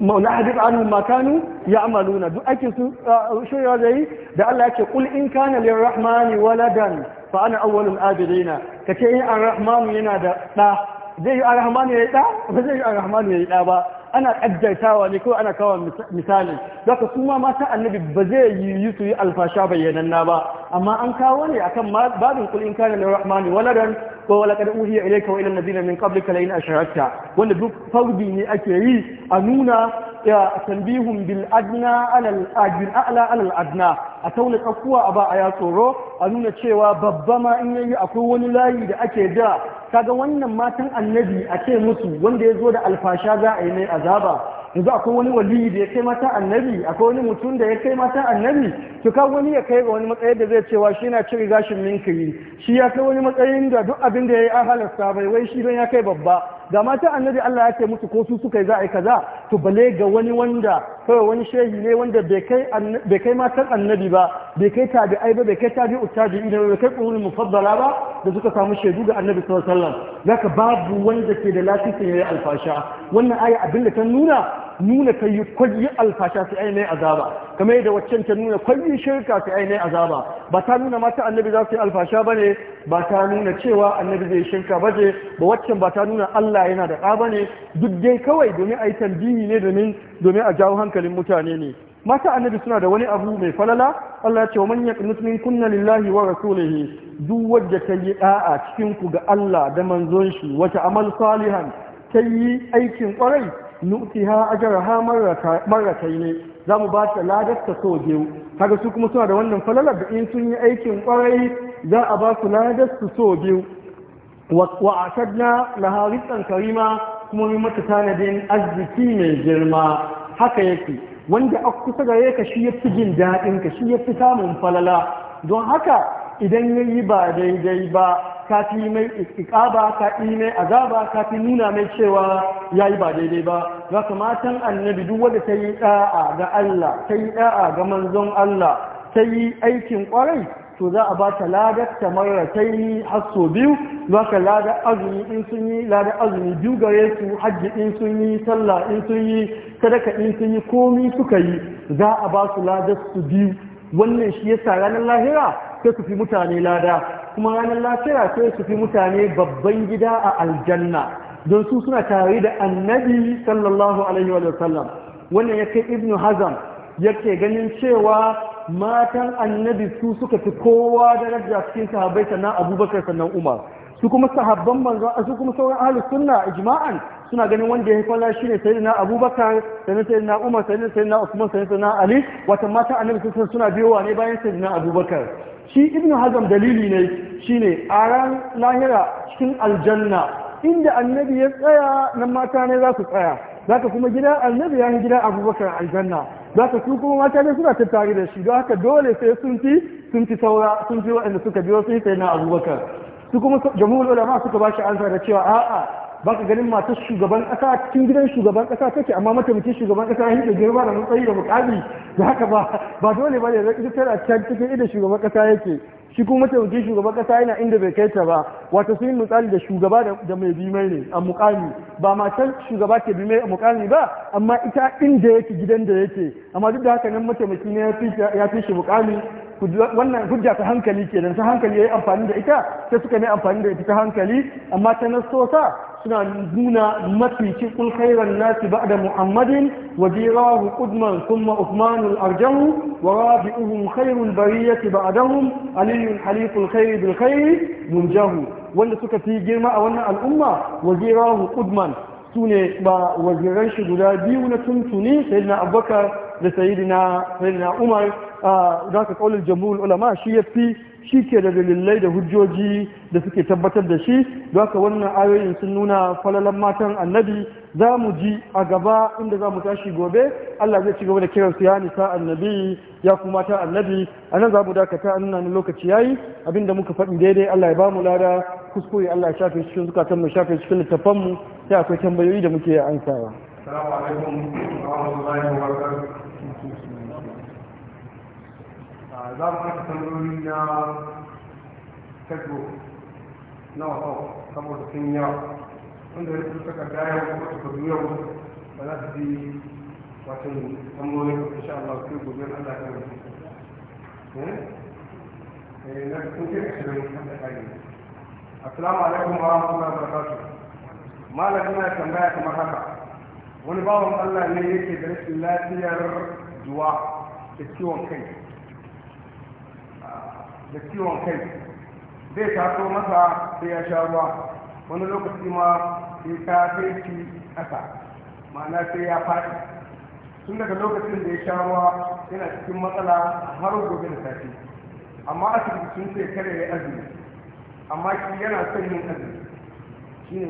mauna hadis anhu ma kanu ya'maluna duk aikin su uh, shirya zai da Allah ce kul in kana lirrahmani waladan fa ana awwalul abidina kace in arrahmanu yana da da zai yi rahmanu yayi da ba zai yi rahmanu yayi da ba ana kaddartawa ne ko ana kawo misali zaka kuma ma mata annabi ba zai yi su yi alfasha bayyananna ba amma an kawo ne akan babin kul in kana lirrahmani waladan ko wala kada uhiya ilayka wa ila allazina min qablika la in ashrakta wanda duk fardi ne ake yi a nuna ya tanbihum bil adna ala al ajr ala ala al adna a tauna tsakuwa a ba a ya tsoro a nuna cewa babba ma in yayi akwai wani layi da ake da kaga wannan matan annabi a ce musu wanda ya zo da alfasha za a yi mai azaba yanzu akwai wani waliyi da ya kai mata annabi akwai wani mutum da ya kai mata annabi to ka wani ya kai ga wani matsayi da zai cewa shi na cire gashin minkiri shi ya kai wani matsayin da duk abin da ya yi an halasta bai wai shi don ya kai babba ga mata annabi Allah ya ce musu ko su suka yi za a yi kaza to bale ga wani wanda kawai wani shehi ne wanda bai kai matan annabi ba bai kai ai ba bai kai tabi'u utabi, ne bai kai qurun mufaddala ba da suka samu shaidu ga annabi sallallahu alaihi wasallam zaka babu wanda ke da lafiya yayi alfasha wannan aya abin da ta nuna nuna kai kwalli alfasha su ainihin azaba kamar yadda waccan ta nuna kwayi shirka su ainihin azaba ba ta nuna mata annabi za su yi alfasha ba ne ba ta nuna cewa annabi zai shinka ba ce ba waccan ba ta nuna Allah yana da ɗa ba ne duk dai kawai domin a yi tambini ne domin domin a jawo hankalin mutane ne mata annabi suna da wani abu mai falala Allah ce wa man yaqnut kunna lillahi wa rasulihi duk wadda ta yi da'a cikin ku ga Allah da manzon shi wata amal salihan ta yi aikin kwarai nu'tiha yi ne. za mu ba shi ladar ta so biyu kaga su kuma suna da wannan falalar da in sun yi aikin kwarai za a ba su ladar su so biyu wa ashadna na karima kuma mun mata tanadin arziki mai girma haka yake wanda a kusa gare ka shi ya fi jin daɗin ka shi ya fi samun falala don haka idan ya yi ba daidai ba ka fi mai istiqaba ka yi mai azaba ka fi nuna mai cewa yayi ba daidai ba ga kamatan annabi duk wanda ta yi da'a ga Allah ta yi da'a ga manzon Allah ta yi aikin kwarai to za a ba ta ladar ta marataini har biyu za ka ladar azumi in sun yi ladar azumi biyu gare su hajji in sun yi sallah in sun yi sadaka in sun yi komi suka yi za a ba su ladar su biyu wannan shi yasa ranar lahira sai su fi mutane lada kuma ranar lahira sai su fi mutane babban gida a aljanna don su suna tare da annabi sallallahu alaihi wa sallam wannan ya kai ibnu hazam yake ganin cewa matan annabi su suka fi kowa daraja cikin sahabbai sannan abubakar sannan umar su kuma sahabban manzo su kuma sauran ahlus sunna ijma'an suna ganin wanda ya shi sai da na abubakar da na umar sai sayyidina sayyidina usman na ali wata mata a nan sun suna biyowa ne bayan sai na abubakar shi ibnu hazam dalili ne shi ne a ran lahira cikin aljanna inda annabi ya tsaya na mata ne za su tsaya za ka kuma gida annabi ya gida abubakar aljanna za ka su kuma mata ne suna tattare da shi don haka dole sai sun fi sun fi saura sun fi waɗanda suka biyo sun sai na abubakar su kuma jamhurul ulama suka ba shi ansa da cewa a'a ba ka ganin matar shugaban ƙasa cikin gidan shugaban ƙasa take amma mataimakin shugaban ƙasa ya hinta girma da matsayi da mukami da haka ba ba dole ba ne ita tana can cikin inda shugaban ƙasa yake shi kuma mataimakin shugaban ƙasa yana inda bai kai ta ba wato sun yi misali da shugaba da mai bimai ne a mukami ba matar shugaba ke bimai a mukami ba amma ita inda yake gidan da yake amma duk da haka nan mataimaki ne ya fi shi mukami wannan hujja ta hankali kenan ta hankali ya yi amfani da ita sai suka ne amfani da ita ta hankali amma ta nasosa suna nuna mafici kul khairan nasi ba'da muhammadin wa jirahu qudman thumma uthman al-arjahu wa rabi'uhum khairul bariyati ba'dahum aliyun haliful khair bil khair munjahu wanda suka fi girma a wannan al'umma wa jirahu su sune ba waziran shi guda biyu na tuntuni sayyidina abubakar da sayyidina umar da ah, ka kaulul jamhur ulama shi fi. shi ke da dalilai da hujjoji da suke tabbatar da shi don aka wannan ayoyin sun nuna falalan matan annabi za mu ji a gaba inda za mu tashi gobe Allah zai ci gaba da kiran su ya nisa annabi ya kuma ta annabi a nan za mu dakata an nan lokaci yayi abinda muka faɗi daidai Allah ya ba mu lada kuskure Allah ya shafe cikin zukatan mu shafe cikin littafan sai akwai tambayoyi da muke ansawa assalamu za mu na facebook na wasan saboda sun yawa wanda ya kusa ka gaya ko ta kudu yau ba za su ji wato tambayoyin ko insha Allah sai gobe Allah ya rubuta eh? eh na kun ce a shirin kan da kai assalamu alaikum wa rahmatullahi wa barakatuh malam ina tambaya kamar haka wani bawan Allah ne yake da rashin lafiyar juwa da ciwon kai da ciwon kai zai taso masa da ya sha ruwa wani lokaci ma sai ta kai shi ƙasa ma'ana sai ya faɗi tun daga lokacin da ya sha ruwa yana cikin matsala har gobe da safe amma asibiti sun ce kare ya azumi amma shi yana son yin azumi in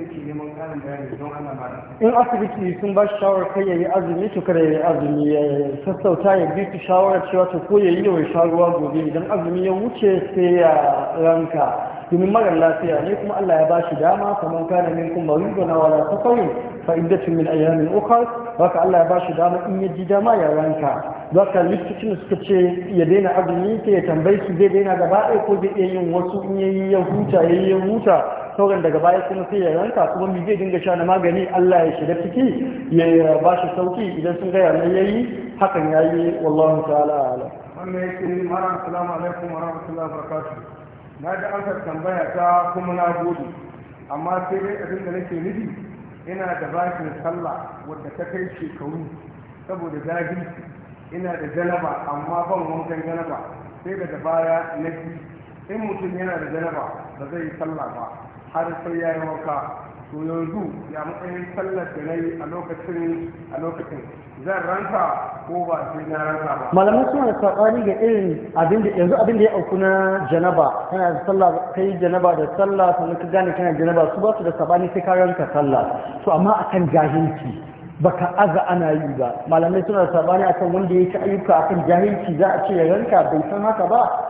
asibiti sun ba shi shawarar kai ya yi azumi to kada ya yi azumi ya sassauta ya bi shawarar cewa ta ko ya yi yawan sha gobe idan azumi ya wuce sai ya ranka domin mara lafiya ne kuma Allah ya ba shi dama kamar kana min kuma rigona wala safarin fa iddatun min ayyamin ukhar baka Allah ya ba shi dama in ya ji dama ya ranka zaka likitocin suka ce ya daina azumi sai ya tambayi su zai daina gaba ɗaya ko zai iya yin wasu in yayi ya huta yayi ya huta sauran daga baya kuma sai ya yanka kuma zai dinga sha na magani Allah ya shiga ciki ya ba shi sauki idan sun gaya mai yayi hakan ya yi wallahu ta'ala ala wannan yake mara assalamu alaikum wa rahmatullahi wa barakatuh na ji tambaya ta kuma na gode amma sai dai abin da nake nufi ina da bashin sallah wadda ta kai shekaru saboda jahilci ina da jalaba amma ban wankan janaba sai daga baya na in mutum yana da janaba ba zai yi sallah ba har sai ya yi wanka to yanzu ya matsayin sallar da na yi a lokacin a lokacin zan ranta ko ba sai na ranta ba malamai suna da saɓani ga irin abin da yanzu abin da ya auku na janaba kana da sallah kai janaba da sallah sannan ka gane kana janaba su ba su da saɓani sai ka ranta sallah to amma akan jahilci baka aza ana yi ba malamai suna da sabani akan wanda ya yake ayyuka akan jahilci za a ce ya ranka bai san haka ba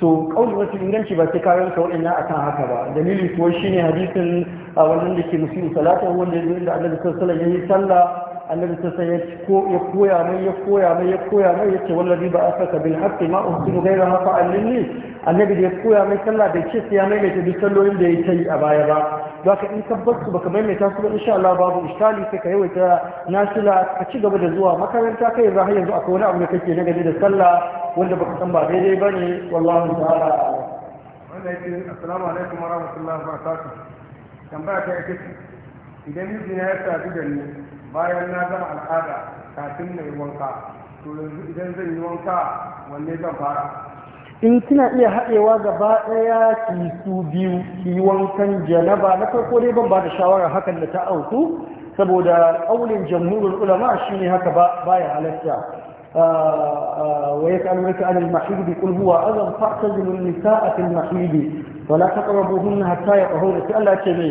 to kauli wasu inganci ba sai kayan ka waɗannan kan haka ba dalilin kuwa ne hadisin a wannan da ke musulun salata wanda ya da annabi ya yi wasallam sallah annabi sassala ya koya mai ya koya mai ya koya mai ya yace wallahi ba saka, bin haqqi ma uhsinu ghayra fa allimni annabi da ya koya mai sallah bai ce sai ya mai duk sallolin da ya yi a baya ba za ka in tabbas su baka maimaita su ba insha Allah babu iskali sai ka yawaita nasila ka ci gaba da zuwa makaranta kai za har yanzu akwai wani abu da kake na gari da sallah wanda baka san ba daidai bane wallahi ta'ala wannan yake assalamu alaikum wa rahmatullahi wa barakatuh tambaya ta yake idan mijina ya sadu da ni bayan na gama al'ada kafin na yi wanka to yanzu idan zan yi wanka wanne zan fara in kina iya haɗewa gaba ɗaya ki su biyu ki wankan janaba na farko dai ban ba da shawarar hakan da ta auku saboda ƙaunin jamhurin ulama shine haka ba baya halatta ah, ah, wa ya kan rika anil mahidi kul huwa azam fa'tazilu nisa'a fil mahidi wa la taqrabuhunna hatta yatahurna sai Allah ce ne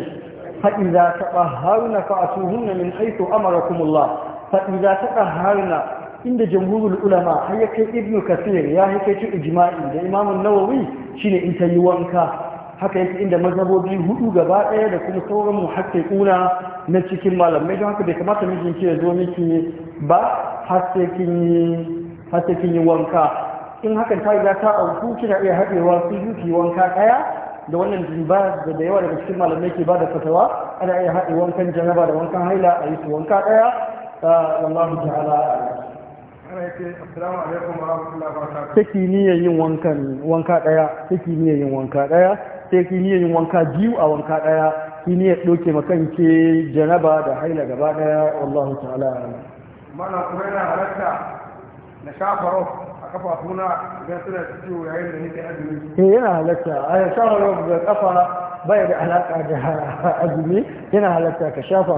fa idza tatahharna fa'tuhunna min haythu amarakumullah fa idza tatahharna inda jamhurul ulama har ya kai ibnu kasir ya yi kai ijma'i da imamu nawawi shine in ta yi wanka haka yake inda mazhabobi hudu gaba ɗaya da kuma sauran muhaqqiquna na cikin malamai don haka bai kamata mijin ce zo miki ba har sai kin yi wanka in hakan ta ga ta auku kina iya haɗewa su yi wanka ɗaya da wannan jimba da da yawa daga cikin malamai ke ba da fatawa ana iya haɗe wankan janaba da wankan haila a yi su wanka ɗaya ah, wallahu ta'ala take niyyar yin wanka daya take yin wanka daya take yin wanka biyu a wanka daya ki niyyar doke makanke janaba da haila gaba daya ta'ala mana kuma yana halatta na shafaro a kafafuna idan suna ciwo yayin da nake azumi eh yana halatta a shafaro da kafa azumi yana halatta ka shafa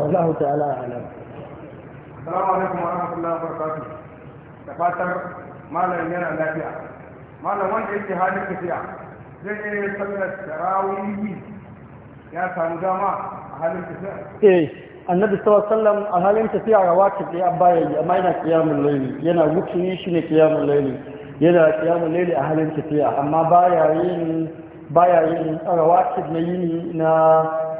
da fatar malam yana lafiya malam wanda yake halin tafiya zai iya yin sallar tarawihi ya samu dama a halin tafiya eh annabi wasallam a halin tafiya abba ya baya yi amma yana qiyamul laili yana wuce shi ne qiyamul laili yana qiyamul laili a halin tafiya amma baya yin baya yin rawatib na yini na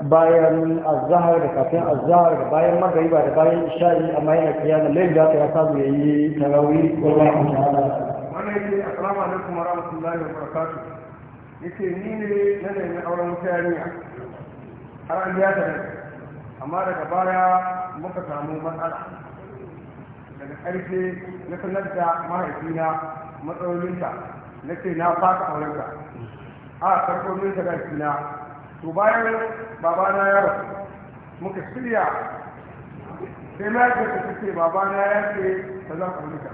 bayan azahar da kafin azahar da bayan magariba da bayan isha'i a yana da lai da ya samu ya yi tarawih ko wani abu ta'ala wannan yake assalamu alaikum wa rahmatullahi wa barakatuh yace ni ne na nemi auren wuta yarinya har an biya ta ne amma daga baya muka samu matsala daga ƙarshe na sanar da mahaifina matsalolinta na ce na fata aurenta a karɓo min sadaki na to bayan babana ya rasu muka shirya sai na yake ta ce babana ya ce ta za ka nika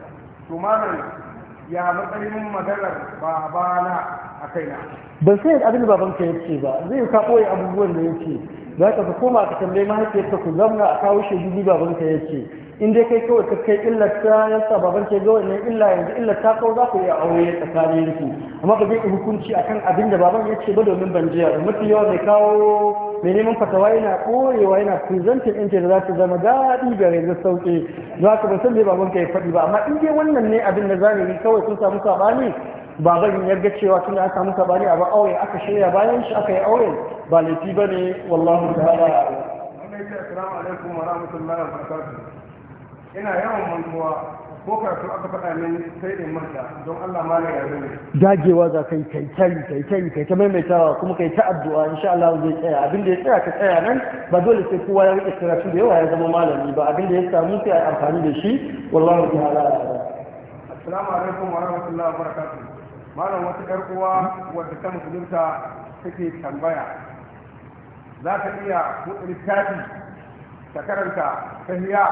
to malam ya matsayin maganar babana a kaina ban sai abin da babanka ya ce ba zai ka koyi abubuwan da ya za ka fi koma ka tambayi mahaifiyarka ku zamna a kawo shi baban ya ce in dai kai kawai ka kai illar ta yasa baban ke gawa ne illa yanzu illar ta kawai za ku iya aure tsakanin ku amma ka je hukunci akan abin da baban ya ce ba domin ban jiya mafi yawa mai kawo mai neman fatawa yana koyewa yana presenting ɗin da za su zama daɗi ga yanzu sauƙi za ka ba san me baban ka ya faɗi ba amma in dai wannan ne abin da yi kawai sun samu saɓani baban ya ga cewa tun aka samu saɓani a ba aure aka shirya bayan shi aka yi aure ba laifi ba ne wallahu ta'ala. Assalamu alaikum wa rahmatullahi ina yawan mantuwa ko karatu aka faɗa min sai in manta don Allah ma na yarda ne dagewa za kai kai kai kai kai kai ta maimaitawa kuma kai ta addu'a insha Allah zai tsaya abin da ya tsaya ka tsaya nan ba dole sai kowa ya rike karatu da yawa ya zama malami ba abin da ya samu sai a amfani da shi wallahi ta'ala assalamu alaikum wa rahmatullahi wa barakatuh malam wata ƴar uwa wadda ta musulunta take tambaya za ta iya buɗe littafi ka karanta tahiya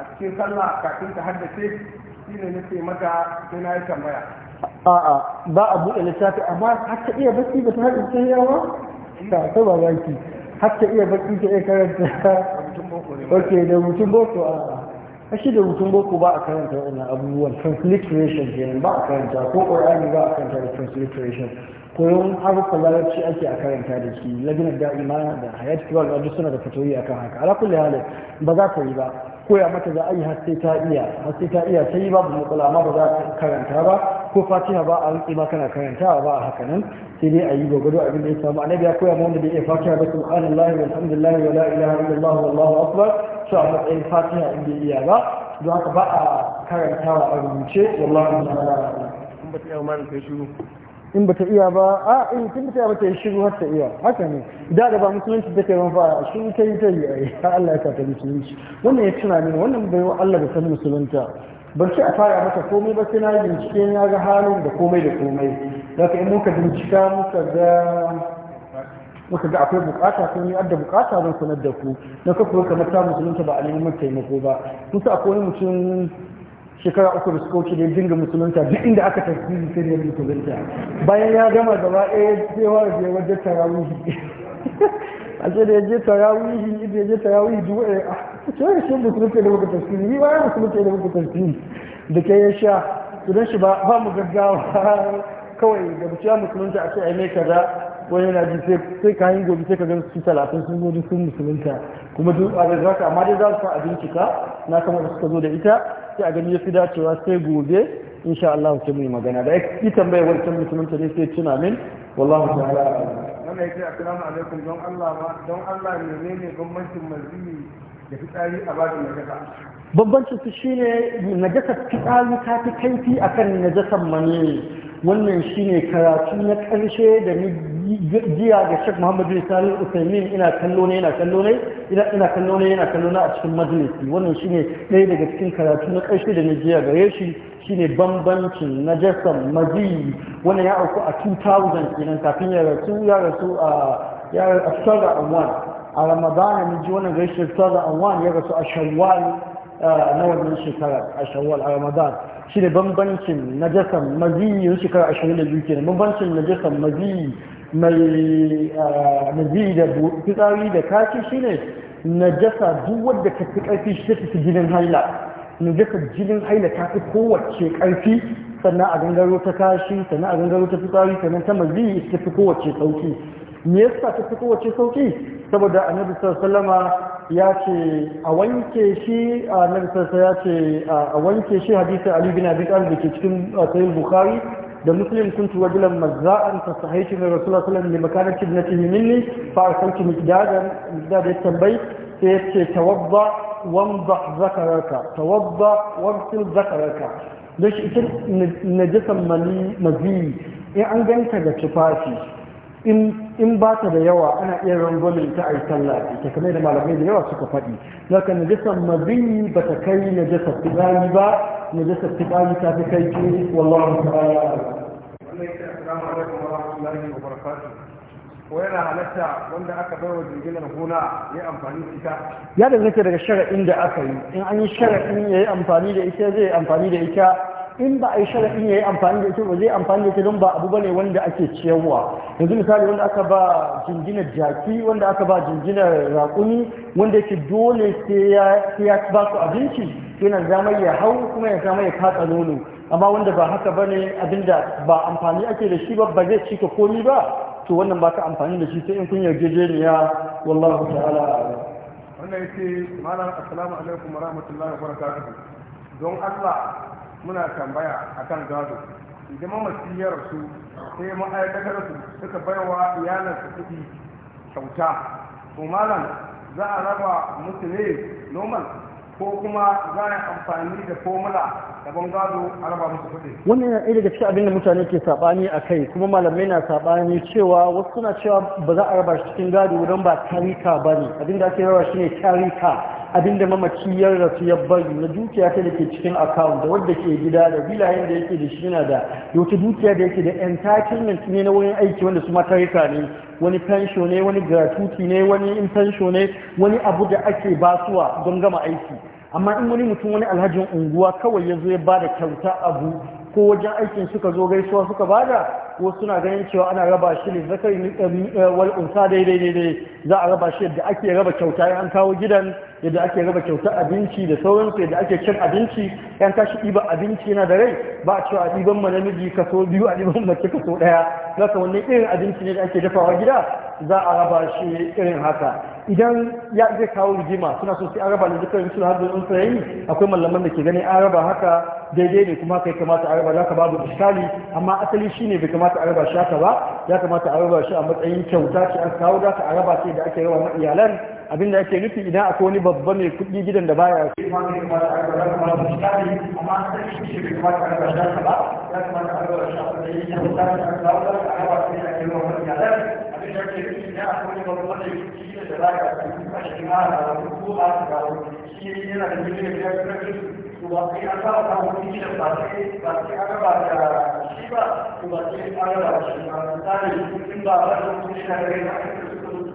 a cikin sallah kafin ta haddace na nake mata sai na yi tambaya a'a ba a buɗe littafi amma har ta iya bacci ba ta haddace tahiya ba ta ta ba zaki har ta iya bacci ta iya karanta ok da mutum boko a kashi da mutum boko ba a karanta wannan abubuwan transliteration kenan ba a karanta ko ƙwararri ba a karanta da transliteration koyon abubuwan larabci ake a karanta da shi laginar da'ima da hayat kiwal da suna da fatoyi akan haka ala kulli hali ba za ka yi ba koya mata za a yi ta iya haske ta iya sai babu matsala amma ba za karanta ba ko fatiha ba a rike ma kana karantawa ba a haka nan sai dai a yi gwagwado abin da ya samu annabi ya koya ma wanda bai iya fatiha ba subhanallahi walhamdulillahi wala ilaha illallah wallahu akbar to a matsayin fatiha in bai iya ba don haka ba a karantawa a rubuce wallahi ta'ala kun kai shiru in ba ta iya ba a in tun ta iya bata shiru har ta iya haka ne da da ba musulunci take ban fara shi ta yi ta yi ai har Allah ya ta musulunci wannan ya tuna ne wannan bai wa Allah da san musulunta ban ci a fara mata komai ba sai na bincike ya ga halin da komai da komai zaka in muka bincika muka ga muka ga akwai bukata ko ni adda bukata zan sanar da ku na kafa kamar ta musulunta ba a neman taimako ba kusa sa akwai mutum shekara uku da suka wuce da dinga musulunta duk inda aka tasiri sai ya musulunta bayan ya gama gaba ɗaya sai da ya wajen tarawihi a ce da ya je tarawihi da ya je tarawihi duk wani a ah, cewa shi musulunta da muka tasiri ni ba ya musulunta da muka tasiri da ke ya sha su don shi ba mu gaggawa kawai da mutum musulunta a ce yi mai kaza wani yana ji sai kayan gobe sai ka ga su talatin sun zo sun musulunta kuma duk a da zaka amma dai za su a bincika na kama da suka zo da ita sai a gani ya fi dacewa sai gobe insha Allah sai mu magana da yi tambaye wancan musulunta ne sai tuna min wallahu ta'ala wannan yake assalamu alaikum don Allah ba don Allah ne bambancin mazini da fitsari a bada najasa bambancin su shine najasar fitsari ta fi kaifi akan najasar maniyyi wannan shine karatu na karshe da ni jiya ga Sheikh Muhammadu bin Salih Al-Utsaimin ina kallo ne yana kallo ne ina kallo ne yana kallo na a cikin majalisi wannan shine ɗaya daga cikin karatu na ƙarshe da na jiya gare shi shine bambancin na najasan mazi wannan ya auku a 2000 kenan kafin ya rasu ya rasu a ya a Ramadan a Ramadana ne ji wannan gare shi Anwan ya rasu a Shawwal na wannan shekara a Shawwal a Ramadana shi ne bambancin najasan maziyi shekara ashirin da biyu kenan bambancin na najasan maziyi mai nazi ah, da fitsari da kashi shine jasa duk wadda ta fi ƙarfi shi ta fi jinin haila jasa jinin haila ta fi kowace ƙarfi sannan a gangaro ta kashi sannan a gangaro ta fitsari sannan ta mazi ta fi kowace sauki me yasa ta fi kowace sauki saboda annabi Salama ya ce a wanke shi annabi sallama ya ce a wanke shi hadisi ali bin abi talib da ke cikin ah, sahih bukhari da muslim kuntu rajulan mazza'an fa sahaytu min rasulullah sallallahu alaihi wasallam li makanati ibnatihi minni fa arsaltu miqdadan miqdad yatambai sai yace tawadda wamda zakaraka tawadda waghsil zakaraka da shi ita najasan mali mazi in an ganta da tufafi in ba ta da yawa ana iya rangwamin ta a yi tallafi, ita kamar da malamai da yawa suka faɗi za ka najasar mabiyi ba ta kai najasar fitsari ba najasar fitsari ta fi kai ke wallahu ta'ala ko yana halatta wanda aka bai wa jirginar huna ya amfani da ita ya danganta daga shara'in da aka yi in an yi shara'in ya yi amfani da ita zai amfani da ita in ba a yi sharaɗin ya yi amfani da ita ba zai amfani da ita don ba abu bane wanda ake ciyarwa yanzu misali wanda aka ba jingina jaki wanda aka ba jingina raƙuni wanda yake dole sai ya ba su abinci yana zama ya hau kuma ya zama ya katsa nono amma wanda ba haka bane abinda ba amfani ake da shi ba ba zai cika komi ba to wannan ba ka amfani da shi sai in kun yarjejeniya wallahu ta'ala wannan yake malam assalamu alaikum wa rahmatullahi wa barakatuh don Allah muna tambaya a kan gado idan mamaci ya rasu sai ma'aikatar su suka baiwa iyalinsu kuɗi kyauta to malam za a raba musu ne normal ko kuma za a amfani da formula daban gado a raba musu kuɗi wannan yana daga cikin abin da mutane ke saɓani a kai kuma malamai na saɓani cewa wasu suna cewa ba za a raba shi cikin gado don ba tarika ba ne abin da ake raba shi ne tarika abinda mamaci ya rasu ya bari na dukiya ta da ke cikin account da wadda ke gida da bilayen da yake da shi yana da wata dukiya da yake da entitlement ne na wurin aiki wanda su matarika ne wani pension ne wani gratuity ne wani intention ne wani abu da ake basuwa don gama aiki amma in wani mutum wani alhajin unguwa kawai ya zo ya ba da kyauta abu ko wajen aikin suka zo gaisuwa suka ba da, ko suna ganin cewa ana raba shi ne zakari eh, eh, wal unsa daidai daidai za a raba shi yadda ake raba kyauta an kawo gidan yadda ake raba kyauta abinci da sauransu yadda ake cin abinci yan tashi ɗiba abinci yana da rai ba a cewa a ɗiban ma namiji kaso biyu a ɗiban mace kaso ɗaya za ka wannan irin abinci ne da ake dafawa gida za a raba shi irin haka idan ya zai kawo rigima suna so sai an raba da dukkan su har don sayayi akwai mallaman da ke ganin an raba haka daidai ne kuma kai kamata a raba za ka babu iskali amma asali shi ne bai kamata a raba shi haka ba ya kamata a raba shi a matsayin kyauta ce an kawo za ka a raba ce da ake raba ma iyalan abin da ake nufi idan akwai wani babba mai kuɗi gidan da baya su وبعدين أصاب له في شبابه بعدين أنا بعد شيبة وبعدين أنا بعد شيبة ثاني من بعد شيبة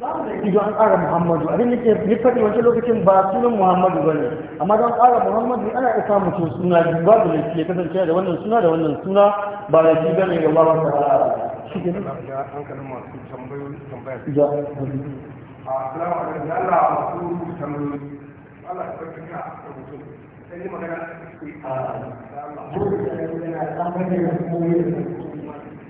idan an ƙara muhammadu abin da ke ni faɗi wancan lokacin ba sunan muhammadu ba ne amma don ƙara muhammadu ana iya samu su suna ba da laifi ya kasance da wannan suna da wannan suna ba da shi gane ga ba ba ta a